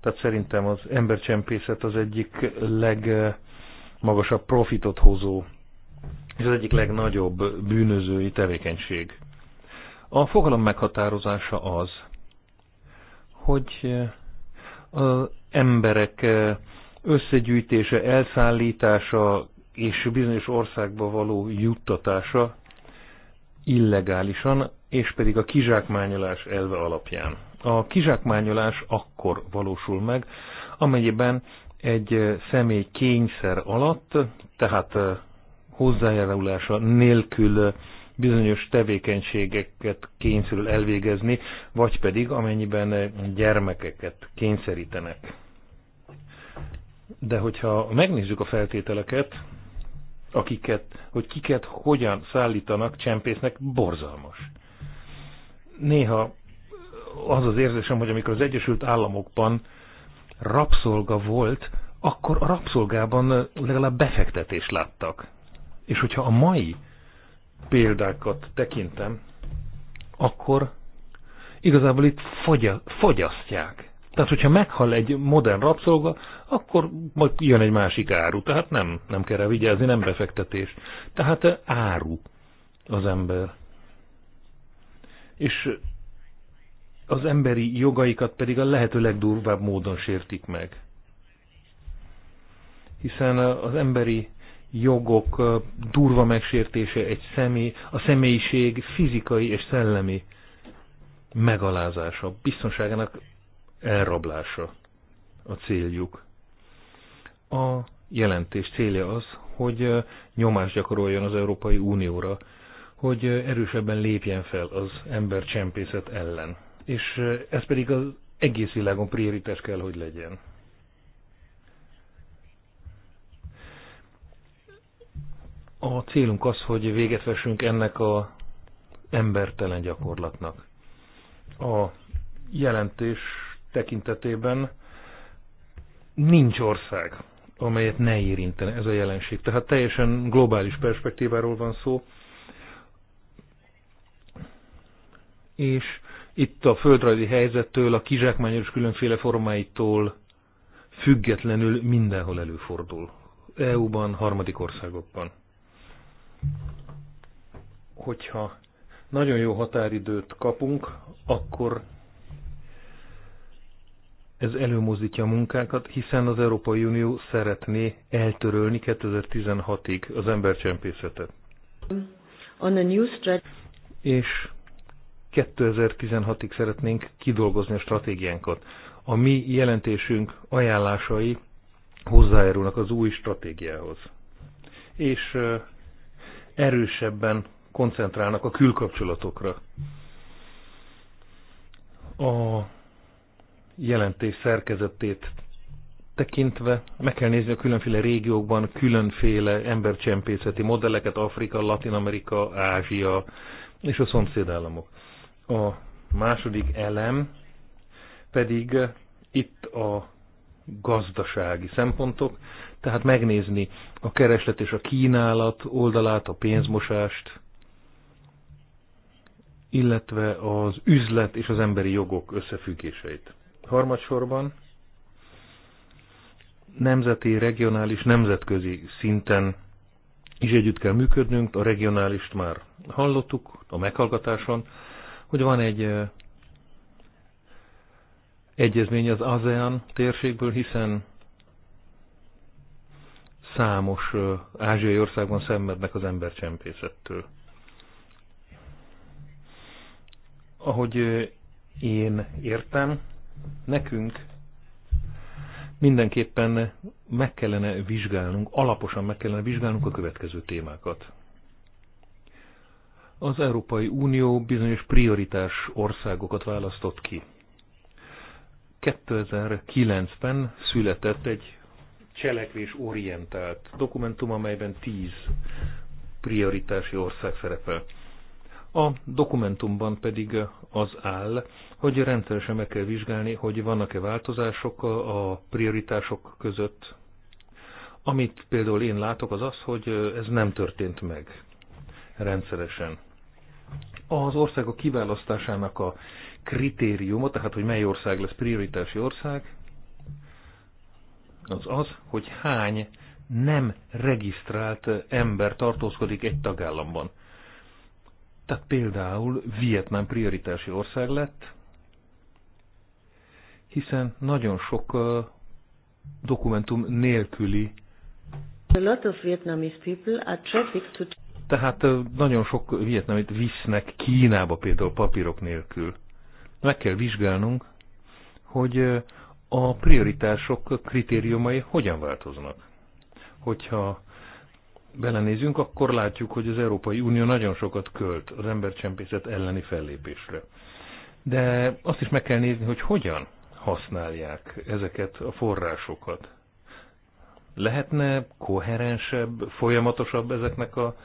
Tehát szerintem az embercsempészet az egyik legmagasabb profitot hozó, és az egyik legnagyobb bűnözői tevékenység. A fogalom meghatározása az, hogy az emberek e, összegyűjtése, elszállítása és bizonyos országba való juttatása illegálisan, és pedig a kizsákmányolás elve alapján. A kizsákmányolás akkor valósul meg, amelyben egy e, személy kényszer alatt, tehát e, hozzájárulása nélkül bizonyos tevékenységeket kényszerül elvégezni, vagy pedig amennyiben gyermekeket kényszerítenek. De hogyha megnézzük a feltételeket, akiket, hogy kiket hogyan szállítanak csempésznek, borzalmas. Néha az az érzésem, hogy amikor az Egyesült Államokban rabszolga volt, akkor a rabszolgában legalább befektetést láttak. És hogyha a mai példákat tekintem, akkor igazából itt fogya, fogyasztják. Tehát, hogyha meghal egy modern rabszolga, akkor majd jön egy másik áru. Tehát nem, nem kell vigyázni, nem befektetés. Tehát eh, áru az ember. És eh, az emberi jogaikat pedig a lehető legdurvább módon sértik meg. Hiszen eh, az emberi jogok durva megsértése, egy személy, a személyiség fizikai és szellemi megalázása, biztonságának elrablása a céljuk. A jelentés célja az, hogy nyomást gyakoroljon az Európai Unióra, hogy erősebben lépjen fel az embercsempészet ellen. És ez pedig az egész világon prioritás kell, hogy legyen. A célunk az, hogy véget vessünk ennek a embertelen gyakorlatnak. A jelentés tekintetében nincs ország, amelyet ne érintene ez a jelenség. Tehát teljesen globális perspektíváról van szó. És itt a földrajzi helyzettől, a kizsákmányos különféle formáitól függetlenül mindenhol előfordul. EU-ban, harmadik országokban hogyha nagyon jó határidőt kapunk, akkor ez előmozdítja a munkákat, hiszen az Európai Unió szeretné eltörölni 2016-ig az embercsempészetet. On a new és 2016-ig szeretnénk kidolgozni a stratégiánkat. A mi jelentésünk ajánlásai hozzájárulnak az új stratégiához. És erősebben koncentrálnak a külkapcsolatokra. A jelentés szerkezetét tekintve meg kell nézni a különféle régiókban különféle embercsempészeti modelleket, Afrika, Latin Amerika, Ázsia és a szomszédállamok. A második elem pedig itt a gazdasági szempontok, tehát megnézni a kereslet és a kínálat oldalát, a pénzmosást, illetve az üzlet és az emberi jogok összefüggéseit. Harmadsorban nemzeti, regionális, nemzetközi szinten is együtt kell működnünk, a regionálist már hallottuk a meghallgatáson, hogy van egy eh, egyezmény az ASEAN térségből, hiszen számos ázsiai országban szenvednek az embercsempészettől. Ahogy én értem, nekünk mindenképpen meg kellene vizsgálnunk, alaposan meg kellene vizsgálnunk a következő témákat. Az Európai Unió bizonyos prioritás országokat választott ki. 2009-ben született egy cselekvés orientált dokumentum, amelyben tíz prioritási ország szerepel. A dokumentumban pedig az áll, hogy rendszeresen meg kell vizsgálni, hogy vannak-e változások a prioritások között. Amit például én látok, az az, hogy ez nem történt meg rendszeresen. Az országok kiválasztásának a kritériuma, tehát hogy mely ország lesz prioritási ország, az az, hogy hány nem regisztrált ember tartózkodik egy tagállamban. Tehát például Vietnám prioritási ország lett, hiszen nagyon sok uh, dokumentum nélküli. A lot of Vietnamese people are trafficked to... Tehát uh, nagyon sok vietnamit visznek Kínába például papírok nélkül. Meg kell vizsgálnunk, hogy uh, a prioritások kritériumai hogyan változnak. Hogyha belenézünk, akkor látjuk, hogy az Európai Unió nagyon sokat költ az embercsempészet elleni fellépésre. De azt is meg kell nézni, hogy hogyan használják ezeket a forrásokat. Lehetne koherensebb, folyamatosabb ezeknek a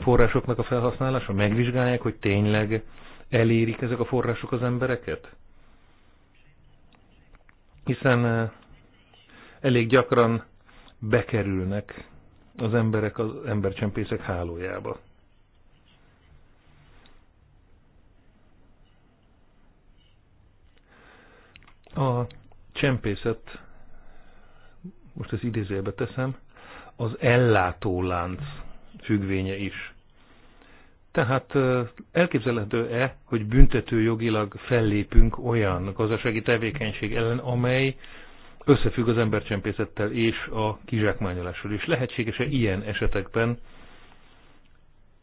forrásoknak a felhasználása? Megvizsgálják, hogy tényleg elérik ezek a források az embereket? hiszen eh, elég gyakran bekerülnek az emberek az embercsempészek hálójába. A csempészet, most ezt idézőjebe teszem, az ellátólánc függvénye is. Tehát elképzelhető-e, hogy büntető jogilag fellépünk olyan gazdasági tevékenység ellen, amely összefügg az embercsempészettel és a kizsákmányolással is. Lehetséges-e ilyen esetekben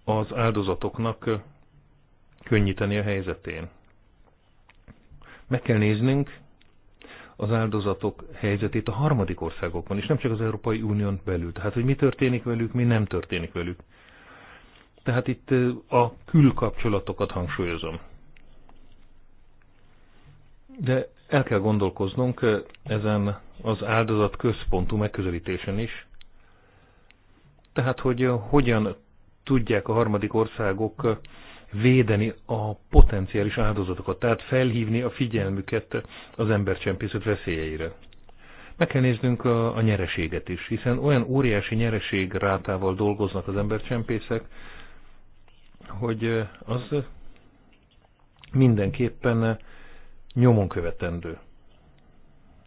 az áldozatoknak könnyíteni a helyzetén? Meg kell néznünk az áldozatok helyzetét a harmadik országokban, és nem csak az Európai Unión belül. Tehát, hogy mi történik velük, mi nem történik velük. Tehát itt a külkapcsolatokat hangsúlyozom. De el kell gondolkoznunk ezen az áldozat központú megközelítésen is. Tehát, hogy hogyan tudják a harmadik országok védeni a potenciális áldozatokat, tehát felhívni a figyelmüket az embercsempészet veszélyeire. Meg kell néznünk a, a nyereséget is, hiszen olyan óriási nyereség rátával dolgoznak az embercsempészek, hogy az mindenképpen nyomon követendő.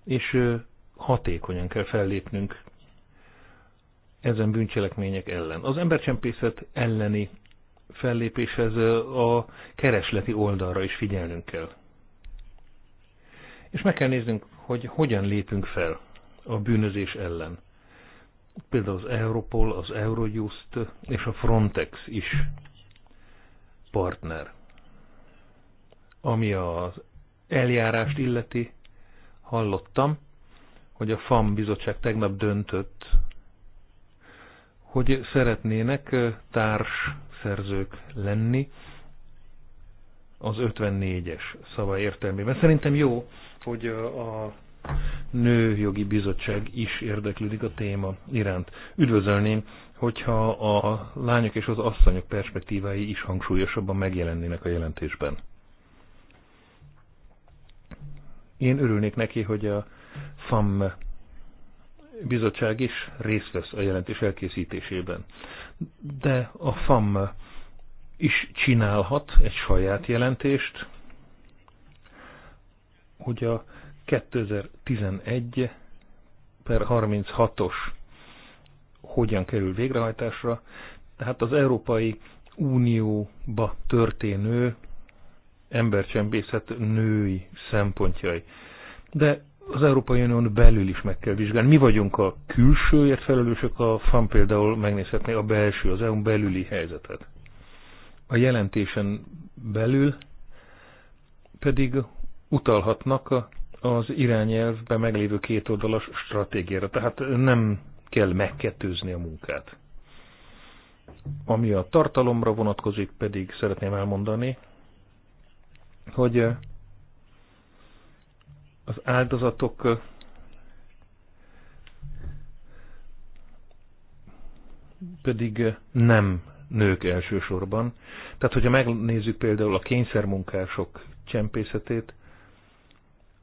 És hatékonyan kell fellépnünk ezen bűncselekmények ellen. Az embercsempészet elleni fellépéshez a keresleti oldalra is figyelnünk kell. És meg kell néznünk, hogy hogyan lépünk fel a bűnözés ellen. Például az Europol, az Eurojust és a Frontex is partner. Ami az eljárást illeti, hallottam, hogy a FAM bizottság tegnap döntött, hogy szeretnének társ szerzők lenni az 54-es szava értelmében. Szerintem jó, hogy a Nőjogi Bizottság is érdeklődik a téma iránt. Üdvözölném hogyha a lányok és az asszonyok perspektívái is hangsúlyosabban megjelennének a jelentésben. Én örülnék neki, hogy a FAM bizottság is részt vesz a jelentés elkészítésében. De a FAM is csinálhat egy saját jelentést, hogy a 2011 per 36-os hogyan kerül végrehajtásra. Tehát az Európai Unióba történő embercsempészet női szempontjai. De az Európai Unión belül is meg kell vizsgálni. Mi vagyunk a külsőért felelősök, a FAM például megnézhetné a belső, az eu belüli helyzetet. A jelentésen belül pedig utalhatnak az irányelvben meglévő kétoldalas stratégiára. Tehát nem kell megkettőzni a munkát. Ami a tartalomra vonatkozik, pedig szeretném elmondani, hogy eh, az áldozatok eh, pedig eh, nem nők elsősorban. Tehát, hogyha megnézzük például a kényszermunkások csempészetét,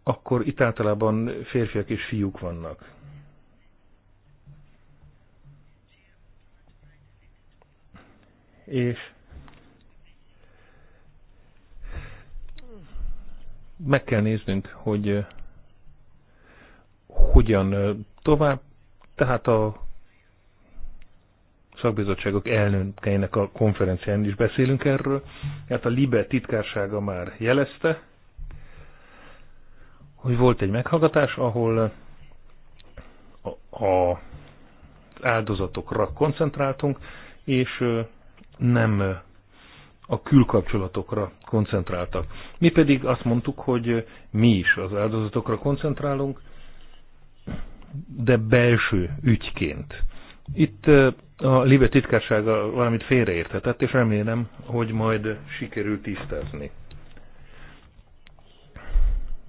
akkor itt általában férfiak és fiúk vannak. és meg kell néznünk, hogy eh, hogyan eh, tovább, tehát a szakbizottságok elnökeinek a konferencián is beszélünk erről. Hát a LIBE titkársága már jelezte, hogy volt egy meghallgatás, ahol eh, a, a áldozatokra koncentráltunk, és nem a külkapcsolatokra koncentráltak. Mi pedig azt mondtuk, hogy mi is az áldozatokra koncentrálunk, de belső ügyként. Itt a Libe titkársága valamit félreértetett, és remélem, hogy majd sikerül tisztázni.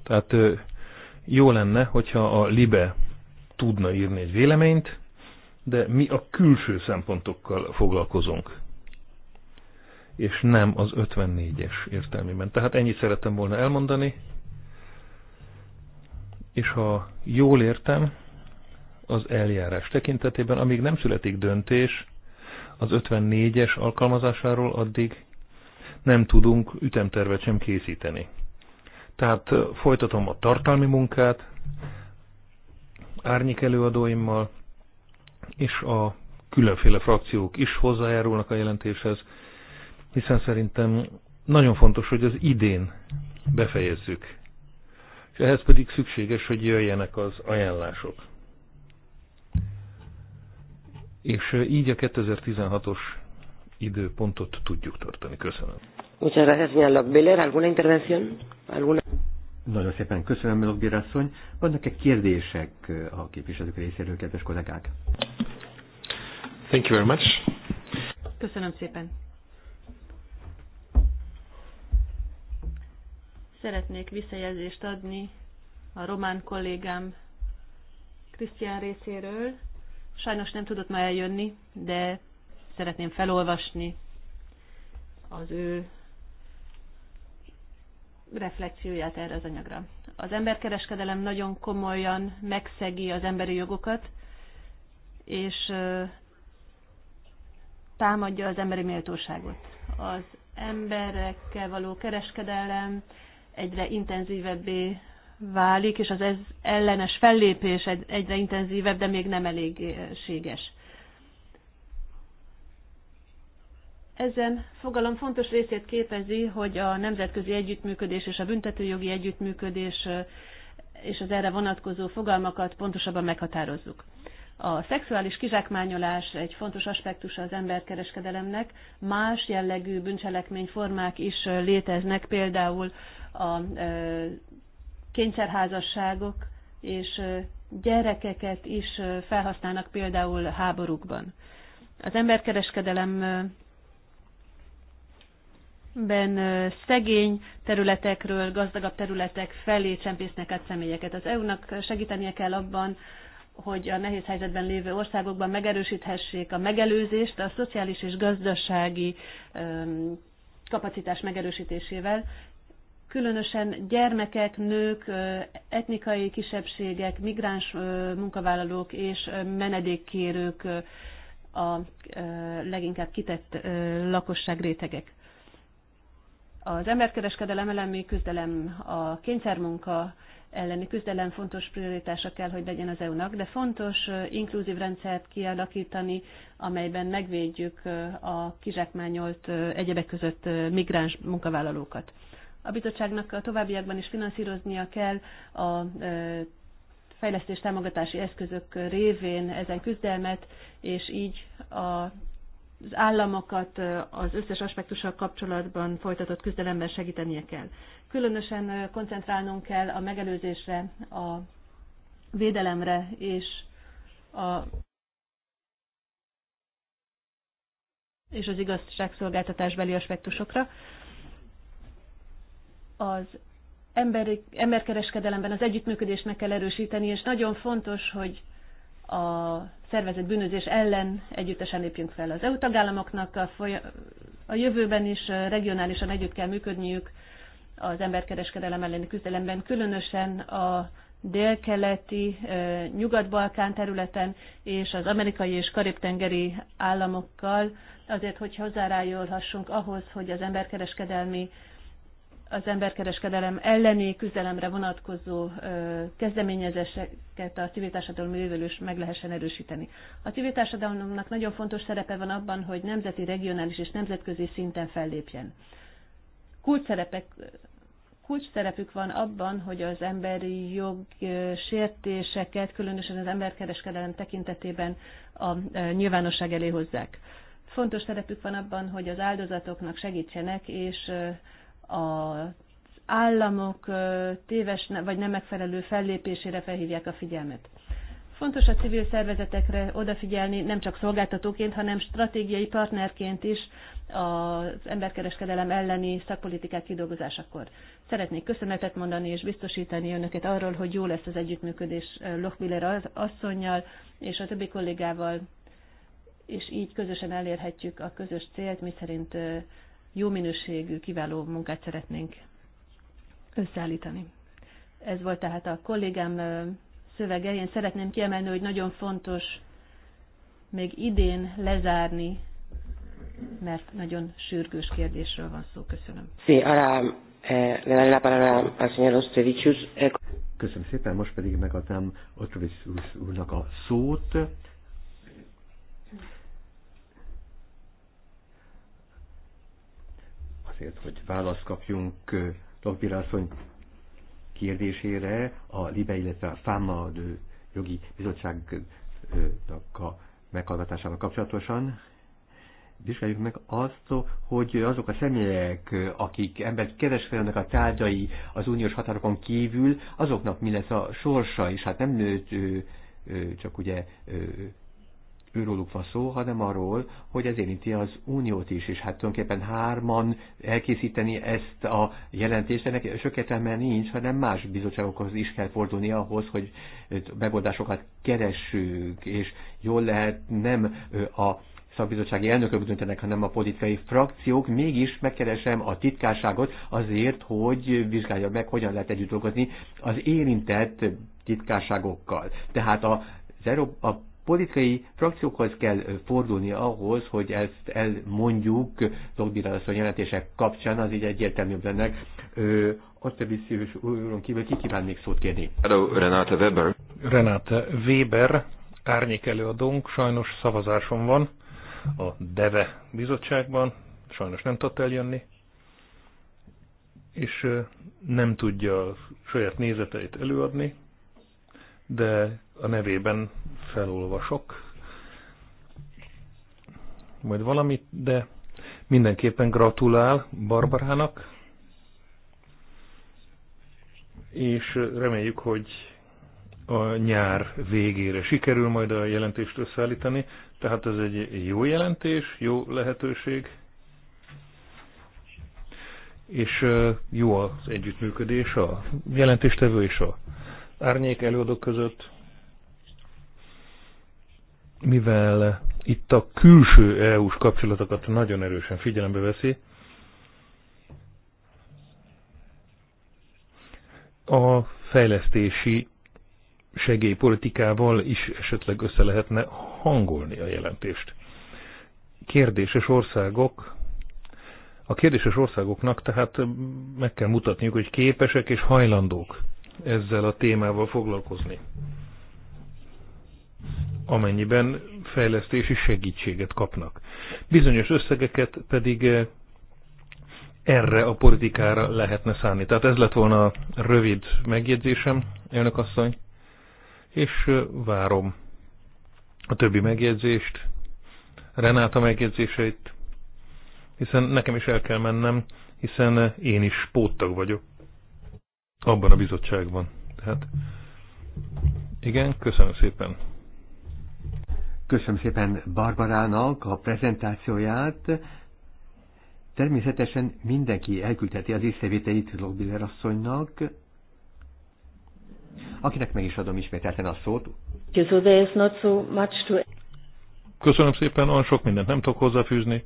Tehát jó lenne, hogyha a Libe tudna írni egy véleményt, de mi a külső szempontokkal foglalkozunk és nem az 54-es értelmében. Tehát ennyit szerettem volna elmondani, és ha jól értem, az eljárás tekintetében, amíg nem születik döntés az 54-es alkalmazásáról, addig nem tudunk ütemtervet sem készíteni. Tehát folytatom a tartalmi munkát, árnyék előadóimmal, és a különféle frakciók is hozzájárulnak a jelentéshez, hiszen szerintem nagyon fontos, hogy az idén befejezzük. És ehhez pedig szükséges, hogy jöjjenek az ajánlások. És eh, így a 2016-os időpontot tudjuk tartani. Köszönöm. Muchas gracias, señor Lockbiller. ¿Alguna intervención? ¿Alguna? Nagyon szépen köszönöm, Lockbiller asszony. Vannak-e kérdések eh, a képviselők részéről, kedves kollégák? Thank you very much. Köszönöm szépen. Szeretnék visszajelzést adni a román kollégám Krisztián részéről. Sajnos nem tudott ma eljönni, de szeretném felolvasni az ő reflexióját erre az anyagra. Az emberkereskedelem nagyon komolyan megszegi az emberi jogokat, és támadja az emberi méltóságot. Az emberekkel való kereskedelem egyre intenzívebbé válik, és az ez ellenes fellépés egyre intenzívebb, de még nem elégséges. Ezen fogalom fontos részét képezi, hogy a nemzetközi együttműködés és a büntetőjogi együttműködés és az erre vonatkozó fogalmakat pontosabban meghatározzuk. A szexuális kizsákmányolás egy fontos aspektusa az emberkereskedelemnek, más jellegű bűncselekményformák is léteznek, például a kényszerházasságok és gyerekeket is felhasználnak például háborúkban. Az emberkereskedelem ben szegény területekről, gazdagabb területek felé csempésznek át személyeket. Az EU-nak segítenie kell abban, hogy a nehéz helyzetben lévő országokban megerősíthessék a megelőzést a szociális és gazdasági kapacitás megerősítésével, különösen gyermekek, nők, etnikai kisebbségek, migráns munkavállalók és menedékkérők a leginkább kitett lakosság rétegek. Az emberkereskedelem elemi küzdelem, a kényszermunka elleni küzdelem fontos prioritása kell, hogy legyen az EU-nak, de fontos inkluzív rendszert kialakítani, amelyben megvédjük a kizsákmányolt egyebek között migráns munkavállalókat. A bizottságnak a továbbiakban is finanszíroznia kell a fejlesztés támogatási eszközök révén ezen küzdelmet, és így a az államokat az összes aspektussal kapcsolatban folytatott küzdelemben segítenie kell. Különösen koncentrálnunk kell a megelőzésre, a védelemre és a és az igazságszolgáltatásbeli aspektusokra. Az emberi, emberkereskedelemben az együttműködést meg kell erősíteni, és nagyon fontos, hogy a szervezett bűnözés ellen együttesen lépjünk fel. Az EU tagállamoknak a, a jövőben is regionálisan együtt kell működniük az emberkereskedelem elleni küzdelemben, különösen a délkeleti, nyugat-balkán területen és az amerikai és karib-tengeri államokkal, azért, hogy hozzárájulhassunk ahhoz, hogy az emberkereskedelmi az emberkereskedelem elleni küzdelemre vonatkozó kezdeményezéseket a civil társadalom művelős meg lehessen erősíteni. A civil társadalomnak nagyon fontos szerepe van abban, hogy nemzeti, regionális és nemzetközi szinten fellépjen. Kulcs, kulcs szerepük van abban, hogy az emberi jog sértéseket, különösen az emberkereskedelem tekintetében a nyilvánosság elé hozzák. Fontos szerepük van abban, hogy az áldozatoknak segítsenek, és az államok téves vagy nem megfelelő fellépésére felhívják a figyelmet. Fontos a civil szervezetekre odafigyelni, nem csak szolgáltatóként, hanem stratégiai partnerként is az emberkereskedelem elleni szakpolitikák kidolgozásakor. Szeretnék köszönetet mondani és biztosítani önöket arról, hogy jó lesz az együttműködés Lochbiller asszonynal és a többi kollégával, és így közösen elérhetjük a közös célt, miszerint jó minőségű, kiváló munkát szeretnénk összeállítani. Ez volt tehát a kollégám szövege. Én szeretném kiemelni, hogy nagyon fontos még idén lezárni, mert nagyon sürgős kérdésről van szó. Köszönöm. Eh, Köszönöm szépen, most pedig megadnám Ostrevicius úrnak a szót, azért, hogy választ kapjunk Lokbirászony kérdésére a LIBE, illetve a FAMA jogi bizottságnak a meghallgatásával kapcsolatosan. Vizsgáljuk meg azt, hogy azok a személyek, akik embert kereskednek a tárgyai az uniós határokon kívül, azoknak mi lesz a sorsa, és hát nem nőtt csak ugye őróluk van szó, hanem arról, hogy ez érinti az uniót is, és hát tulajdonképpen hárman elkészíteni ezt a jelentést, ennek sok nincs, hanem más bizottságokhoz is kell fordulni ahhoz, hogy megoldásokat keressünk, és jól lehet nem a szakbizottsági elnökök döntenek, hanem a politikai frakciók, mégis megkeresem a titkárságot azért, hogy vizsgálja meg, hogyan lehet együtt dolgozni az érintett titkárságokkal. Tehát a a politikai frakciókhoz kell fordulni ahhoz, hogy ezt elmondjuk Zogbirán asszony jelentések kapcsán, az így egyértelműbb lenne. Atrevicius úrunk kívül ki kíván még szót kérni? Hello, Renate Weber. Renate Weber, árnyék előadónk, sajnos szavazásom van a DEVE bizottságban, sajnos nem tudta eljönni, és nem tudja a saját nézeteit előadni, de a nevében felolvasok majd valamit, de mindenképpen gratulál Barbarának, és reméljük, hogy a nyár végére sikerül majd a jelentést összeállítani, tehát ez egy jó jelentés, jó lehetőség, és jó az együttműködés a jelentéstevő és a árnyék előadók között, mivel itt a külső EU-s kapcsolatokat nagyon erősen figyelembe veszi, a fejlesztési segélypolitikával is esetleg össze lehetne hangolni a jelentést. Kérdéses országok, a kérdéses országoknak tehát meg kell mutatniuk, hogy képesek és hajlandók ezzel a témával foglalkozni, amennyiben fejlesztési segítséget kapnak. Bizonyos összegeket pedig eh, erre a politikára lehetne szánni. Tehát ez lett volna a rövid megjegyzésem, elnök asszony, és eh, várom a többi megjegyzést, Renáta megjegyzéseit, hiszen nekem is el kell mennem, hiszen eh, én is póttag vagyok abban a bizottságban. Tehát, igen, köszönöm szépen. Köszönöm szépen Barbarának a prezentációját. Természetesen mindenki elküldheti az észrevételit Logbiller asszonynak, akinek meg is adom ismételten a szót. Köszönöm szépen, olyan sok mindent nem tudok hozzáfűzni.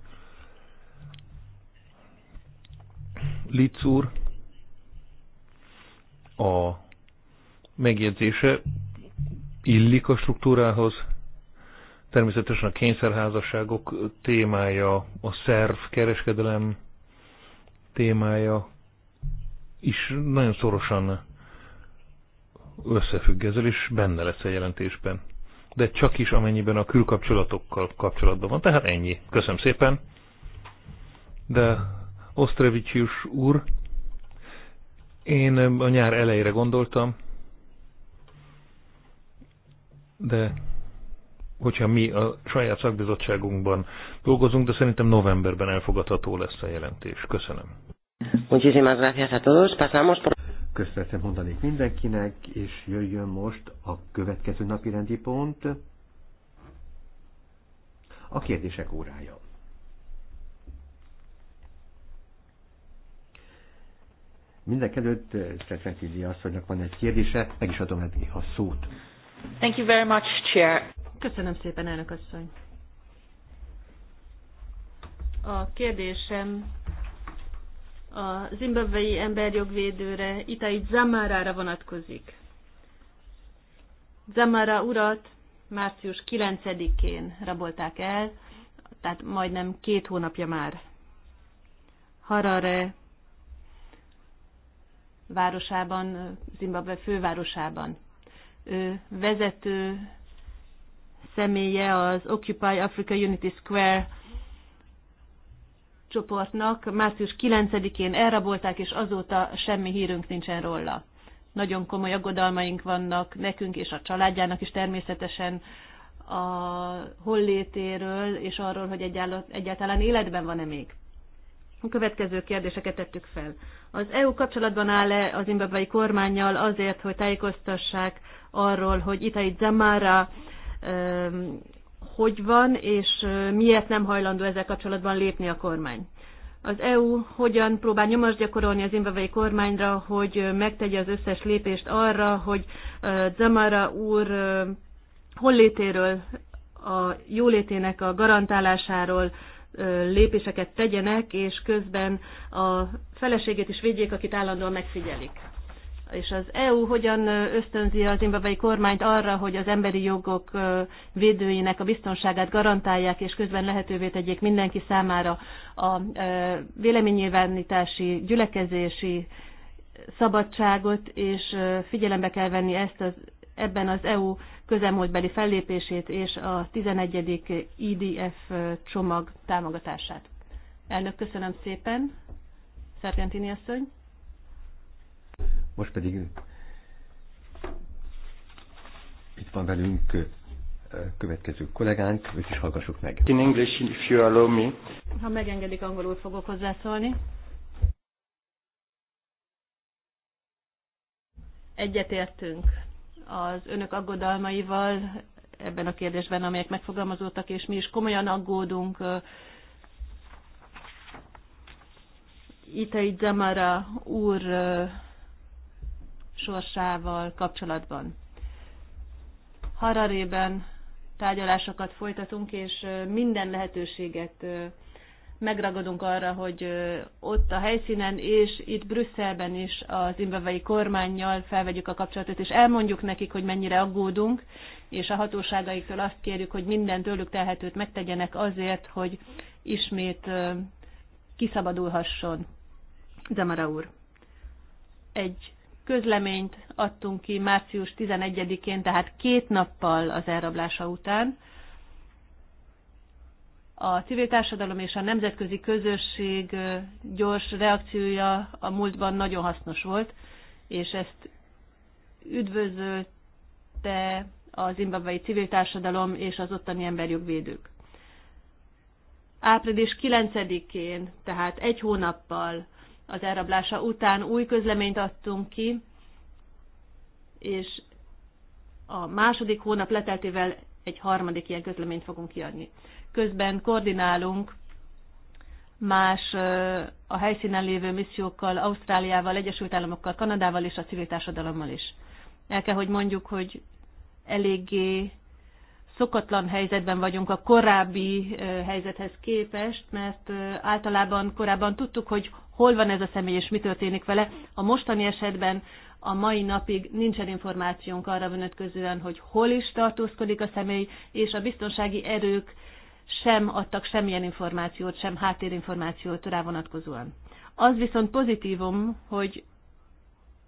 Litz úr, a megjegyzése illik a struktúrához. Természetesen a kényszerházasságok témája, a szerv kereskedelem témája is nagyon szorosan összefügg ezzel, és benne lesz a jelentésben. De csak is amennyiben a külkapcsolatokkal kapcsolatban van. Tehát ennyi. Köszönöm szépen. De Osztrevicius úr én a nyár elejére gondoltam, de hogyha mi a saját szakbizottságunkban dolgozunk, de szerintem novemberben elfogadható lesz a jelentés. Köszönöm. Muchísimas gracias a todos. Pasamos por... mondanék mindenkinek, és jöjjön most a következő napi rendi pont, a kérdések órája. Mindenek előtt eh, Cecilia asszonynak van egy kérdése, meg is adom neki a szót. Thank you very much, Chair. Köszönöm szépen, elnök asszony. A kérdésem a zimbabwei emberjogvédőre, Itai Zamarára vonatkozik. Zamara urat március 9-én rabolták el, tehát majdnem két hónapja már. Harare városában, Zimbabwe fővárosában. Ő vezető személye az Occupy Africa Unity Square csoportnak. Március 9-én elrabolták, és azóta semmi hírünk nincsen róla. Nagyon komoly aggodalmaink vannak nekünk és a családjának is természetesen a hollétéről, és arról, hogy egyáltalán életben van-e még. A következő kérdéseket tettük fel. Az EU kapcsolatban áll-e az imbabai kormányjal azért, hogy tájékoztassák arról, hogy egy Zamára hogy van, és miért nem hajlandó ezzel kapcsolatban lépni a kormány. Az EU hogyan próbál nyomást gyakorolni az imbabai kormányra, hogy megtegye az összes lépést arra, hogy Zamara úr hollétéről, a jólétének a garantálásáról, lépéseket tegyenek, és közben a feleségét is védjék, akit állandóan megfigyelik. És az EU hogyan ösztönzi az imbabai kormányt arra, hogy az emberi jogok védőinek a biztonságát garantálják, és közben lehetővé tegyék mindenki számára a véleménynyilvánítási, gyülekezési szabadságot, és figyelembe kell venni ezt az ebben az EU közelmúltbeli fellépését és a 11. IDF csomag támogatását. Elnök, köszönöm szépen. Szergentini asszony. Most pedig itt van velünk eh, következő kollégánk, őt is hallgassuk meg. In English, if you allow me. Ha megengedik, angolul fogok hozzászólni. Egyetértünk az önök aggodalmaival ebben a kérdésben, amelyek megfogalmazottak, és mi is komolyan aggódunk. Itai Zamara úr sorsával kapcsolatban. Hararében tárgyalásokat folytatunk, és minden lehetőséget megragadunk arra, hogy ott a helyszínen és itt Brüsszelben is az imbevei kormányjal felvegyük a kapcsolatot, és elmondjuk nekik, hogy mennyire aggódunk, és a hatóságaiktól azt kérjük, hogy minden tőlük telhetőt megtegyenek azért, hogy ismét kiszabadulhasson. Zamara úr, egy közleményt adtunk ki március 11-én, tehát két nappal az elrablása után, a civil társadalom és a nemzetközi közösség gyors reakciója a múltban nagyon hasznos volt, és ezt üdvözölte az zimbabwei civil társadalom és az ottani emberjogvédők. Április 9-én, tehát egy hónappal az elrablása után új közleményt adtunk ki, és a második hónap leteltével egy harmadik ilyen közleményt fogunk kiadni közben koordinálunk más a helyszínen lévő missziókkal, Ausztráliával, Egyesült Államokkal, Kanadával és a civil társadalommal is. El kell, hogy mondjuk, hogy eléggé szokatlan helyzetben vagyunk a korábbi helyzethez képest, mert általában korábban tudtuk, hogy hol van ez a személy és mi történik vele. A mostani esetben a mai napig nincsen információnk arra vonatkozóan, hogy hol is tartózkodik a személy, és a biztonsági erők sem adtak semmilyen információt, sem háttérinformációt rá vonatkozóan. Az viszont pozitívum, hogy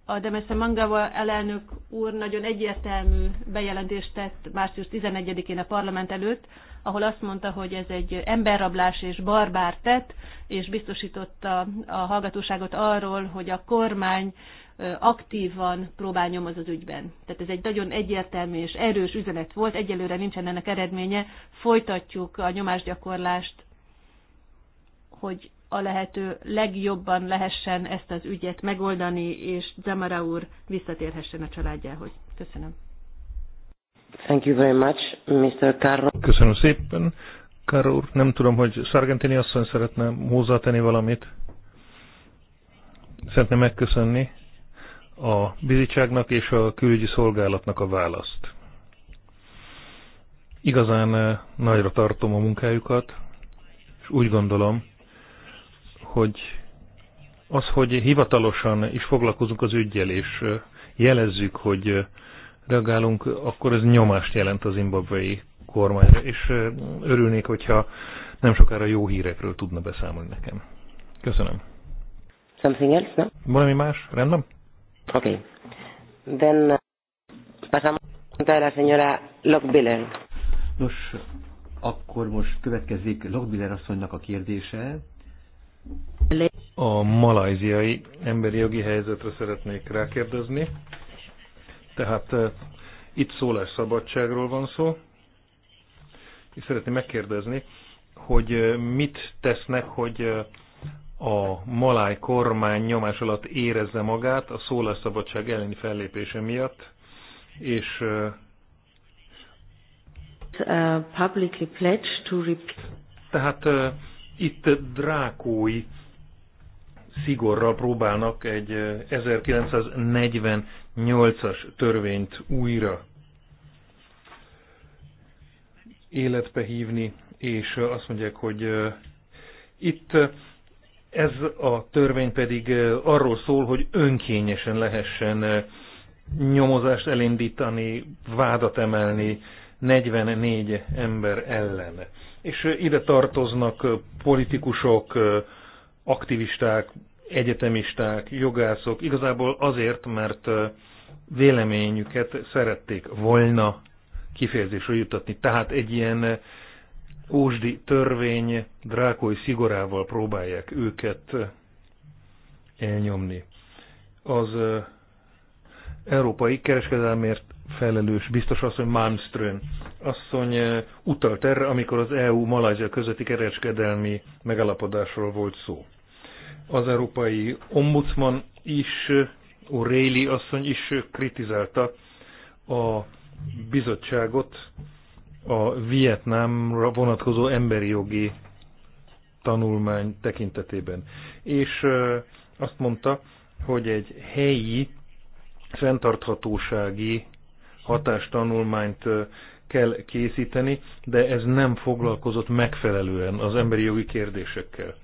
a Demesse Mangava elelnök úr nagyon egyértelmű bejelentést tett március 11-én a parlament előtt, ahol azt mondta, hogy ez egy emberrablás és barbár tett, és biztosította a hallgatóságot arról, hogy a kormány aktívan próbál nyomoz az ügyben. Tehát ez egy nagyon egyértelmű és erős üzenet volt, egyelőre nincsen ennek eredménye, folytatjuk a nyomásgyakorlást, hogy a lehető legjobban lehessen ezt az ügyet megoldani, és Zamara úr visszatérhessen a családjához. Köszönöm. Thank you very much, Mr. Carro. Köszönöm szépen. Carro úr, nem tudom, hogy Sargentini asszony szeretne hozzátenni valamit. Szeretném megköszönni a bizottságnak és a külügyi szolgálatnak a választ. Igazán eh, nagyra tartom a munkájukat, és úgy gondolom, hogy az, hogy hivatalosan is foglalkozunk az ügyjel, és eh, jelezzük, hogy eh, reagálunk, akkor ez nyomást jelent az imbabvai kormányra, és örülnék, hogyha nem sokára jó hírekről tudna beszámolni nekem. Köszönöm. Something else, no? Valami más? Rendben? Ok. Then uh, pasamos a la señora Lockbiller. Nos, akkor most következik Lockbiller asszonynak a kérdése. A malajziai emberi jogi helyzetre szeretnék rákérdezni. Tehát uh, itt szólásszabadságról van szó, és szeretném megkérdezni, hogy uh, mit tesznek, hogy uh, a maláj kormány nyomás alatt érezze magát a szólásszabadság elleni fellépése miatt, és uh, to tehát uh, itt drákói szigorral próbálnak egy 1948-as törvényt újra életbe hívni, és azt mondják, hogy uh, itt ez a törvény pedig arról szól, hogy önkényesen lehessen nyomozást elindítani, vádat emelni 44 ember ellen. És ide tartoznak politikusok, aktivisták, egyetemisták, jogászok, igazából azért, mert véleményüket szerették volna kifejezésre jutatni. Tehát egy ilyen ósdi törvény drákói szigorával próbálják őket elnyomni. Az európai kereskedelmért felelős biztos asszony Malmström asszony utalt erre, amikor az EU-Malajzia közötti kereskedelmi megalapodásról volt szó. Az európai ombudsman is, O'Reilly asszony is kritizálta a bizottságot a Vietnámra vonatkozó emberi jogi tanulmány tekintetében. És azt mondta, hogy egy helyi fenntarthatósági hatástanulmányt kell készíteni, de ez nem foglalkozott megfelelően az emberi jogi kérdésekkel.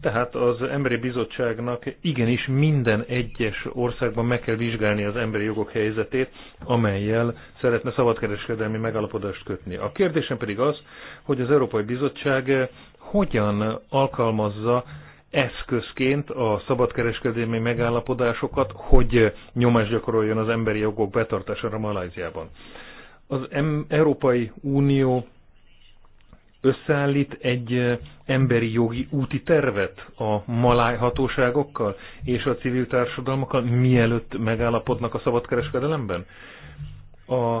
Tehát az Emberi Bizottságnak igenis minden egyes országban meg kell vizsgálni az emberi jogok helyzetét, amelyel szeretne szabadkereskedelmi megállapodást kötni. A kérdésem pedig az, hogy az Európai Bizottság hogyan alkalmazza eszközként a szabadkereskedelmi megállapodásokat, hogy nyomást gyakoroljon az emberi jogok betartására Malajziában. Az Európai Unió összeállít egy emberi jogi úti tervet a maláj hatóságokkal és a civil társadalmakkal, mielőtt megállapodnak a szabadkereskedelemben? A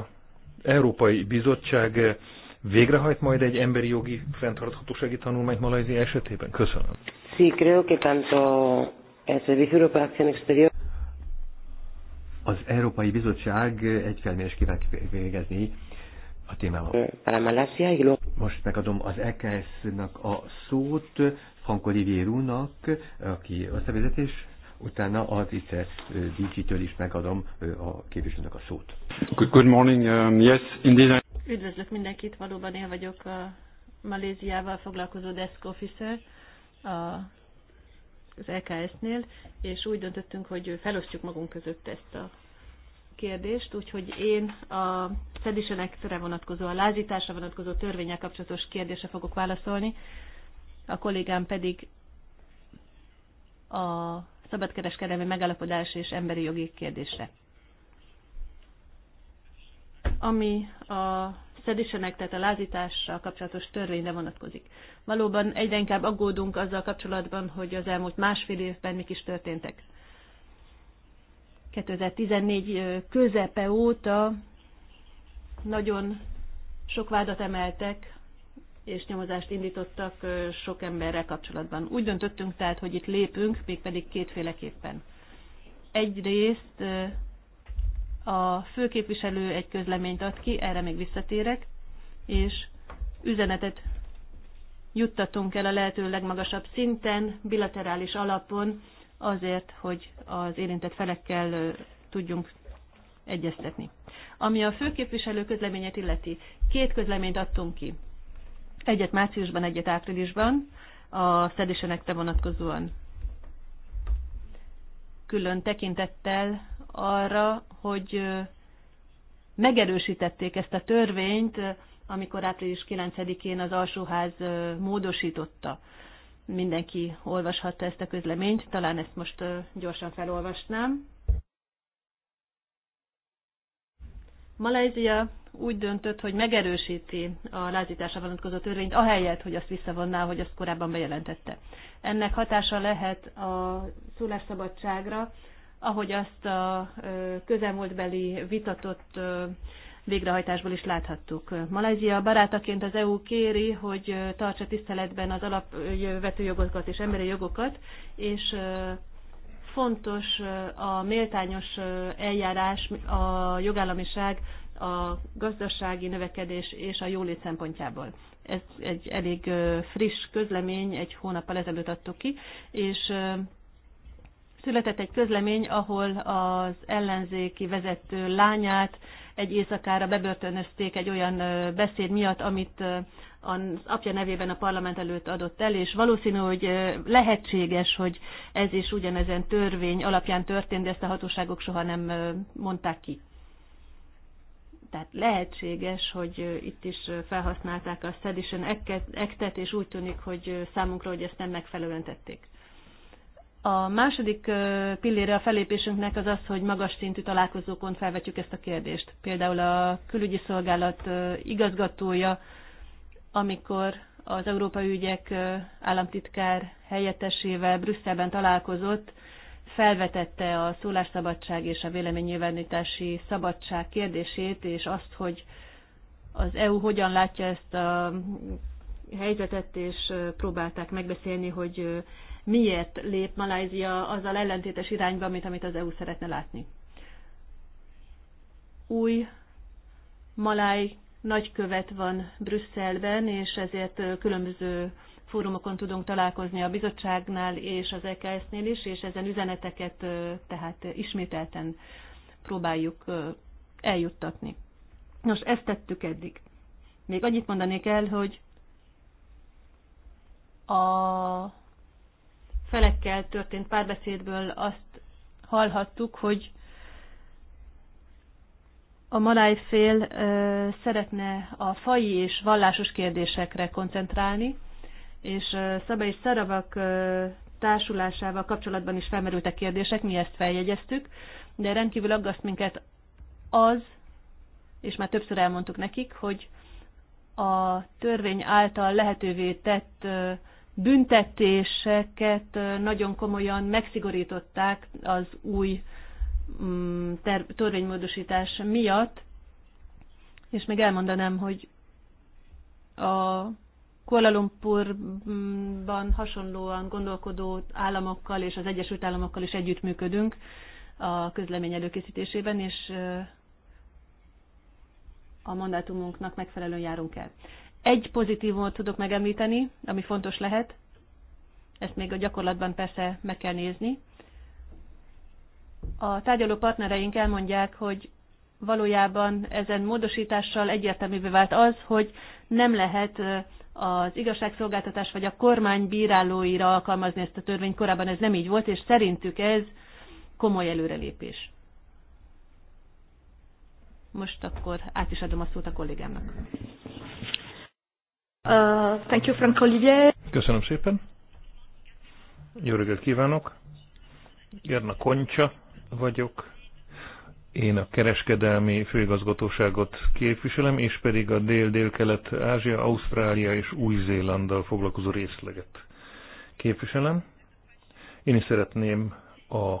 Európai Bizottság végrehajt majd egy emberi jogi fenntarthatósági tanulmányt Malajzia esetében? Köszönöm. Sí, creo que tanto el Servicio Europeo de Acción Exterior az Európai Bizottság egy felmérés kíván végezni a témával. Most megadom az EKS-nak a szót Frank Olivier aki a szervezetés utána az ICE DG-től is megadom a képviselőnek a szót. Good morning, um, yes, indeed. Üdvözlök mindenkit, valóban én vagyok a Maléziával foglalkozó desk officer a, az LKS-nél, és úgy döntöttünk, hogy felosztjuk magunk között ezt a kérdést, úgyhogy én a Sedition act vonatkozó, a lázításra vonatkozó törvényel kapcsolatos kérdésre fogok válaszolni, a kollégám pedig a szabadkereskedelmi megalapodás és emberi jogi kérdésre. Ami a szedisenek, tehát a lázítással kapcsolatos törvényre vonatkozik. Valóban egyre inkább aggódunk azzal kapcsolatban, hogy az elmúlt másfél évben mik is történtek. 2014 közepe óta nagyon sok vádat emeltek, és nyomozást indítottak sok emberrel kapcsolatban. Úgy döntöttünk tehát, hogy itt lépünk, mégpedig kétféleképpen. Egyrészt a főképviselő egy közleményt ad ki, erre még visszatérek, és üzenetet juttatunk el a lehető legmagasabb szinten, bilaterális alapon azért, hogy az érintett felekkel tudjunk egyeztetni. Ami a főképviselő közleményet illeti, két közleményt adtunk ki. Egyet márciusban, egyet áprilisban, a szedésenekre vonatkozóan. Külön tekintettel arra, hogy megerősítették ezt a törvényt, amikor április 9-én az alsóház módosította mindenki olvashatta ezt a közleményt, talán ezt most gyorsan felolvasnám. Malajzia úgy döntött, hogy megerősíti a lázításra vonatkozó törvényt, ahelyett, hogy azt visszavonná, hogy azt korábban bejelentette. Ennek hatása lehet a szólásszabadságra, ahogy azt a közelmúltbeli vitatott végrehajtásból is láthattuk. Malajzia barátaként az EU kéri, hogy tartsa tiszteletben az alapvető jogokat és emberi jogokat, és fontos a méltányos eljárás, a jogállamiság, a gazdasági növekedés és a jólét szempontjából. Ez egy elég friss közlemény, egy hónappal ezelőtt adtuk ki, és született egy közlemény, ahol az ellenzéki vezető lányát egy éjszakára bebörtönözték egy olyan beszéd miatt, amit az apja nevében a parlament előtt adott el, és valószínű, hogy lehetséges, hogy ez is ugyanezen törvény alapján történt, de ezt a hatóságok soha nem mondták ki. Tehát lehetséges, hogy itt is felhasználták a Sedition Act-et, és úgy tűnik, hogy számunkra, hogy ezt nem megfelelően tették. A második pillére a felépésünknek az az, hogy magas szintű találkozókon felvetjük ezt a kérdést. Például a külügyi szolgálat igazgatója, amikor az Európai Ügyek államtitkár helyettesével Brüsszelben találkozott, felvetette a szólásszabadság és a véleménynyilvánítási szabadság kérdését, és azt, hogy az EU hogyan látja ezt a helyzetet, és próbálták megbeszélni, hogy miért lép Malázia azzal ellentétes irányba, mint amit az EU szeretne látni. Új maláj nagykövet van Brüsszelben, és ezért különböző fórumokon tudunk találkozni a bizottságnál és az EKS-nél is, és ezen üzeneteket tehát ismételten próbáljuk eljuttatni. Nos, ezt tettük eddig. Még annyit mondanék el, hogy a felekkel történt párbeszédből azt hallhattuk, hogy a maláj fél ö, szeretne a fai és vallásos kérdésekre koncentrálni, és ö, és Szaravak ö, társulásával kapcsolatban is felmerültek kérdések, mi ezt feljegyeztük, de rendkívül aggaszt minket az, és már többször elmondtuk nekik, hogy a törvény által lehetővé tett büntetéseket nagyon komolyan megszigorították az új mm, törvénymódosítás miatt, és még elmondanám, hogy a Kuala Lumpurban hasonlóan gondolkodó államokkal és az Egyesült Államokkal is együttműködünk a közlemény előkészítésében, és a mandátumunknak megfelelően járunk el. Egy pozitívumot tudok megemlíteni, ami fontos lehet. Ezt még a gyakorlatban persze meg kell nézni. A tárgyaló partnereink elmondják, hogy valójában ezen módosítással egyértelművé vált az, hogy nem lehet az igazságszolgáltatás vagy a kormány bírálóira alkalmazni ezt a törvényt. Korábban ez nem így volt, és szerintük ez komoly előrelépés. Most akkor át is adom a szót a kollégámnak. Uh, thank you, Frank Olivier. Köszönöm szépen. Jó reggelt kívánok. Gerna Koncsa vagyok. Én a kereskedelmi főigazgatóságot képviselem, és pedig a Dél-Dél-Kelet-Ázsia, Ausztrália és Új-Zélanddal foglalkozó részleget képviselem. Én is szeretném a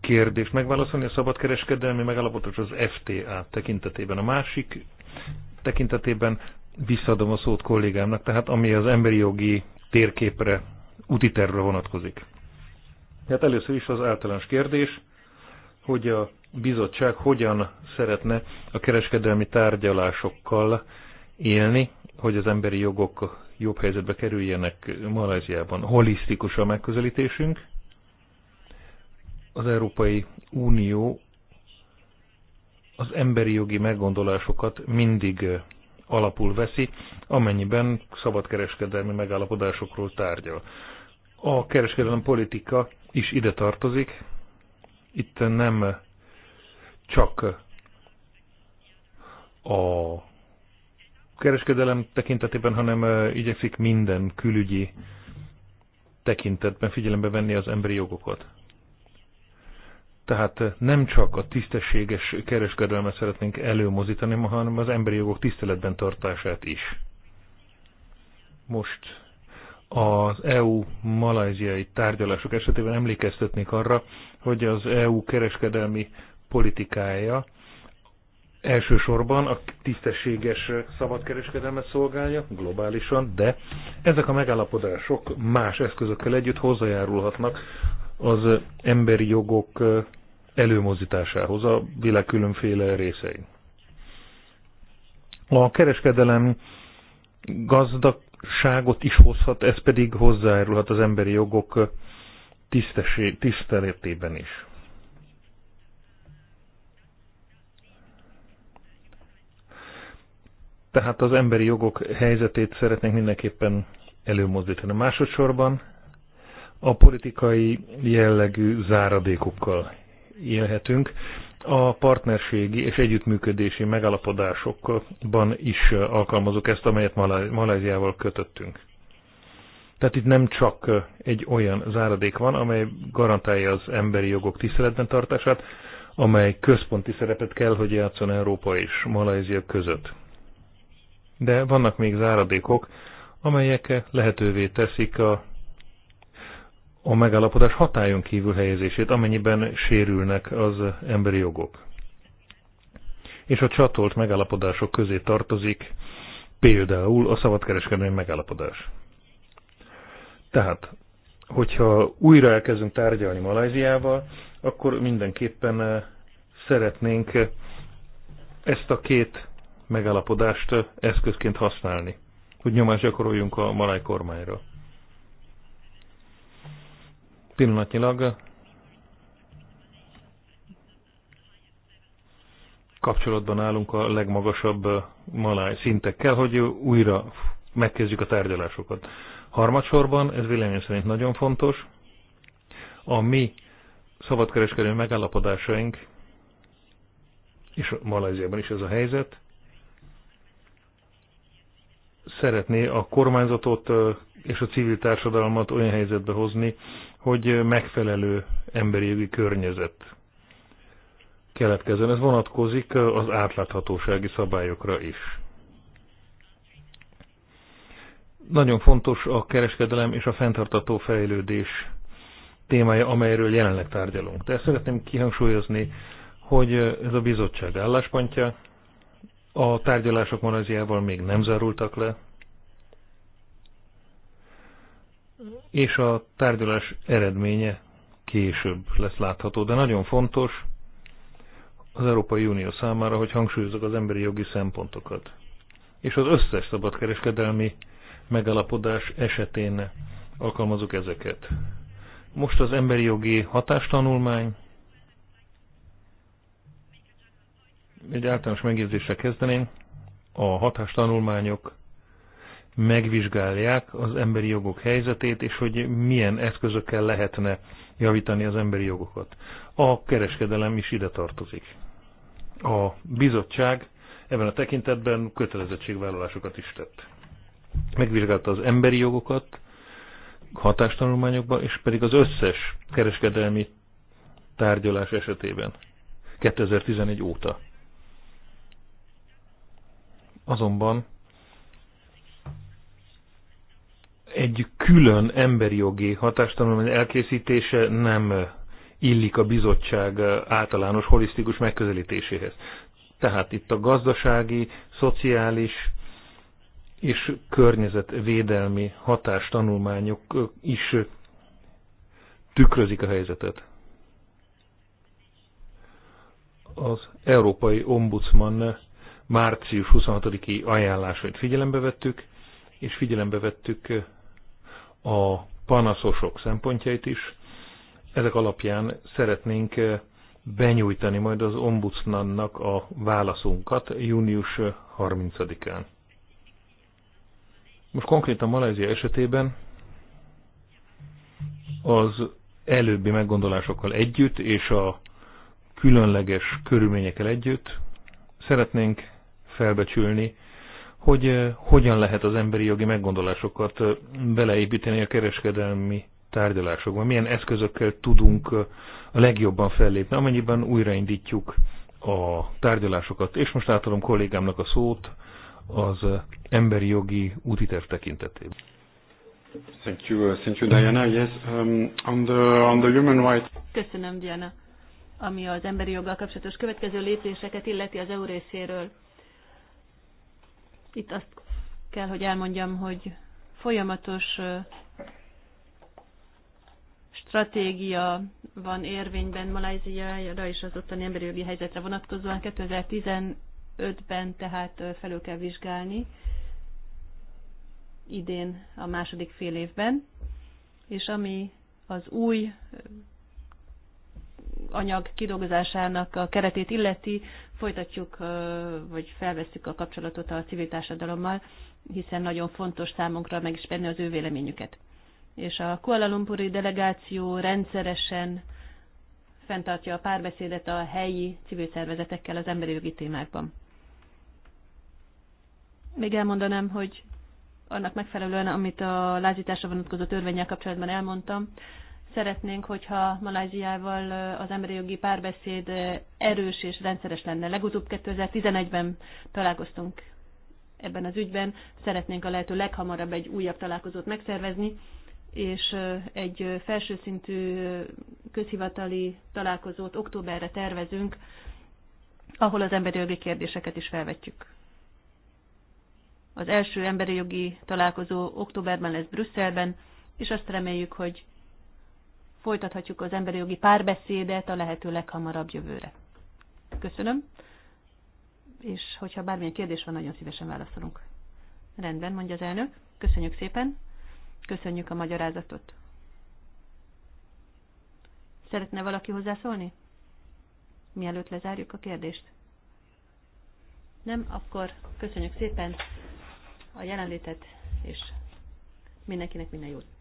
kérdést megválaszolni a szabadkereskedelmi megállapodás az FTA tekintetében. A másik tekintetében visszadom a szót kollégámnak, tehát ami az emberi jogi térképre, úti tervre vonatkozik. Tehát először is az általános kérdés, hogy a bizottság hogyan szeretne a kereskedelmi tárgyalásokkal élni, hogy az emberi jogok jobb helyzetbe kerüljenek Malajziában. Holisztikus a megközelítésünk. Az Európai Unió az emberi jogi meggondolásokat mindig alapul veszi, amennyiben szabadkereskedelmi megállapodásokról tárgyal. A kereskedelem politika is ide tartozik. Itt nem csak a kereskedelem tekintetében, hanem igyekszik minden külügyi tekintetben figyelembe venni az emberi jogokat. Tehát eh, nem csak a tisztességes kereskedelmet szeretnénk előmozítani, hanem az emberi jogok tiszteletben tartását is. Most az EU-malajziai tárgyalások esetében emlékeztetnék arra, hogy az EU kereskedelmi politikája elsősorban a tisztességes szabadkereskedelmet szolgálja globálisan, de ezek a megállapodások más eszközökkel együtt hozzájárulhatnak az emberi jogok eh, előmozításához a világ különféle részein. A kereskedelem gazdagságot is hozhat, ez pedig hozzájárulhat az emberi jogok tiszteletében is. Tehát az emberi jogok helyzetét szeretnénk mindenképpen előmozdítani. Másodszorban a politikai jellegű záradékokkal élhetünk. A partnerségi és együttműködési megalapodásokban is alkalmazok ezt, amelyet Maláziával kötöttünk. Tehát itt nem csak egy olyan záradék van, amely garantálja az emberi jogok tiszteletben tartását, amely központi szerepet kell, hogy játszon Európa és Malajzia között. De vannak még záradékok, amelyek lehetővé teszik a a megállapodás hatájon kívül helyezését, amennyiben sérülnek az emberi jogok. És a csatolt megállapodások közé tartozik például a szabadkereskedelmi megállapodás. Tehát, hogyha újra elkezdünk tárgyalni Malajziával, akkor mindenképpen eh, szeretnénk eh, ezt a két megállapodást eh, eszközként használni, hogy nyomást gyakoroljunk a Malaj kormányra. Pillanatnyilag kapcsolatban állunk a legmagasabb maláj szintekkel, hogy újra megkezdjük a tárgyalásokat. Harmadsorban, ez véleményem szerint nagyon fontos, a mi szabadkereskedő megállapodásaink, és Malajziában is ez a helyzet, szeretné a kormányzatot és a civil társadalmat olyan helyzetbe hozni, hogy megfelelő emberi jogi környezet keletkezzen. Ez vonatkozik az átláthatósági szabályokra is. Nagyon fontos a kereskedelem és a fenntartató fejlődés témája, amelyről jelenleg tárgyalunk. De ezt szeretném kihangsúlyozni, hogy ez a bizottság álláspontja, a tárgyalások Malajziával még nem zárultak le, és a tárgyalás eredménye később lesz látható, de nagyon fontos az Európai Unió számára, hogy hangsúlyozok az emberi jogi szempontokat. És az összes szabadkereskedelmi megalapodás esetén alkalmazok ezeket. Most az emberi jogi hatástanulmány. Egy általános megjegyzésre kezdeném. A hatástanulmányok megvizsgálják az emberi jogok helyzetét, és hogy milyen eszközökkel lehetne javítani az emberi jogokat. A kereskedelem is ide tartozik. A bizottság ebben a tekintetben kötelezettségvállalásokat is tett. Megvizsgálta az emberi jogokat hatástanulmányokban, és pedig az összes kereskedelmi tárgyalás esetében 2011 óta. Azonban egy külön emberi jogi hatástanulmány elkészítése nem illik a bizottság általános holisztikus megközelítéséhez. Tehát itt a gazdasági, szociális és környezetvédelmi hatástanulmányok is tükrözik a helyzetet. Az Európai Ombudsman március 26-i ajánlásait figyelembe vettük, és figyelembe vettük a panaszosok szempontjait is. Ezek alapján szeretnénk eh, benyújtani majd az ombudsmannak a válaszunkat június 30-án. Eh, Most konkrétan Malajzia esetében az előbbi meggondolásokkal együtt és a különleges körülményekkel együtt szeretnénk felbecsülni hogy eh, hogyan lehet az emberi jogi meggondolásokat eh, beleépíteni a kereskedelmi tárgyalásokban, milyen eszközökkel tudunk eh, a legjobban fellépni, amennyiben újraindítjuk a tárgyalásokat. És most átadom kollégámnak a szót az emberi jogi útiterv tekintetében. Thank you, uh, thank you, Diana. Yes, um, on the on the human rights. Köszönöm, Diana. Ami az emberi joggal kapcsolatos következő lépéseket illeti az EU részéről itt azt kell, hogy elmondjam, hogy folyamatos stratégia van érvényben Malajziára és az ottani emberi jogi helyzetre vonatkozóan. 2015-ben tehát felül kell vizsgálni idén a második fél évben, és ami az új anyag kidolgozásának a keretét illeti, folytatjuk, vagy felveszük a kapcsolatot a civil társadalommal, hiszen nagyon fontos számunkra megismerni az ő véleményüket. És a Kuala Lumpuri delegáció rendszeresen fenntartja a párbeszédet a helyi civil szervezetekkel az emberi jogi témákban. Még elmondanám, hogy annak megfelelően, amit a lázításra vonatkozó törvényel kapcsolatban elmondtam, szeretnénk, hogyha Malázsiával az emberi jogi párbeszéd erős és rendszeres lenne. Legutóbb 2011-ben találkoztunk ebben az ügyben. Szeretnénk a lehető leghamarabb egy újabb találkozót megszervezni, és egy felső szintű közhivatali találkozót októberre tervezünk, ahol az emberi jogi kérdéseket is felvetjük. Az első emberi jogi találkozó októberben lesz Brüsszelben, és azt reméljük, hogy folytathatjuk az emberi jogi párbeszédet a lehető leghamarabb jövőre. Köszönöm, és hogyha bármilyen kérdés van, nagyon szívesen válaszolunk. Rendben, mondja az elnök. Köszönjük szépen. Köszönjük a magyarázatot. Szeretne valaki hozzászólni? Mielőtt lezárjuk a kérdést. Nem? Akkor köszönjük szépen a jelenlétet, és mindenkinek minden jót.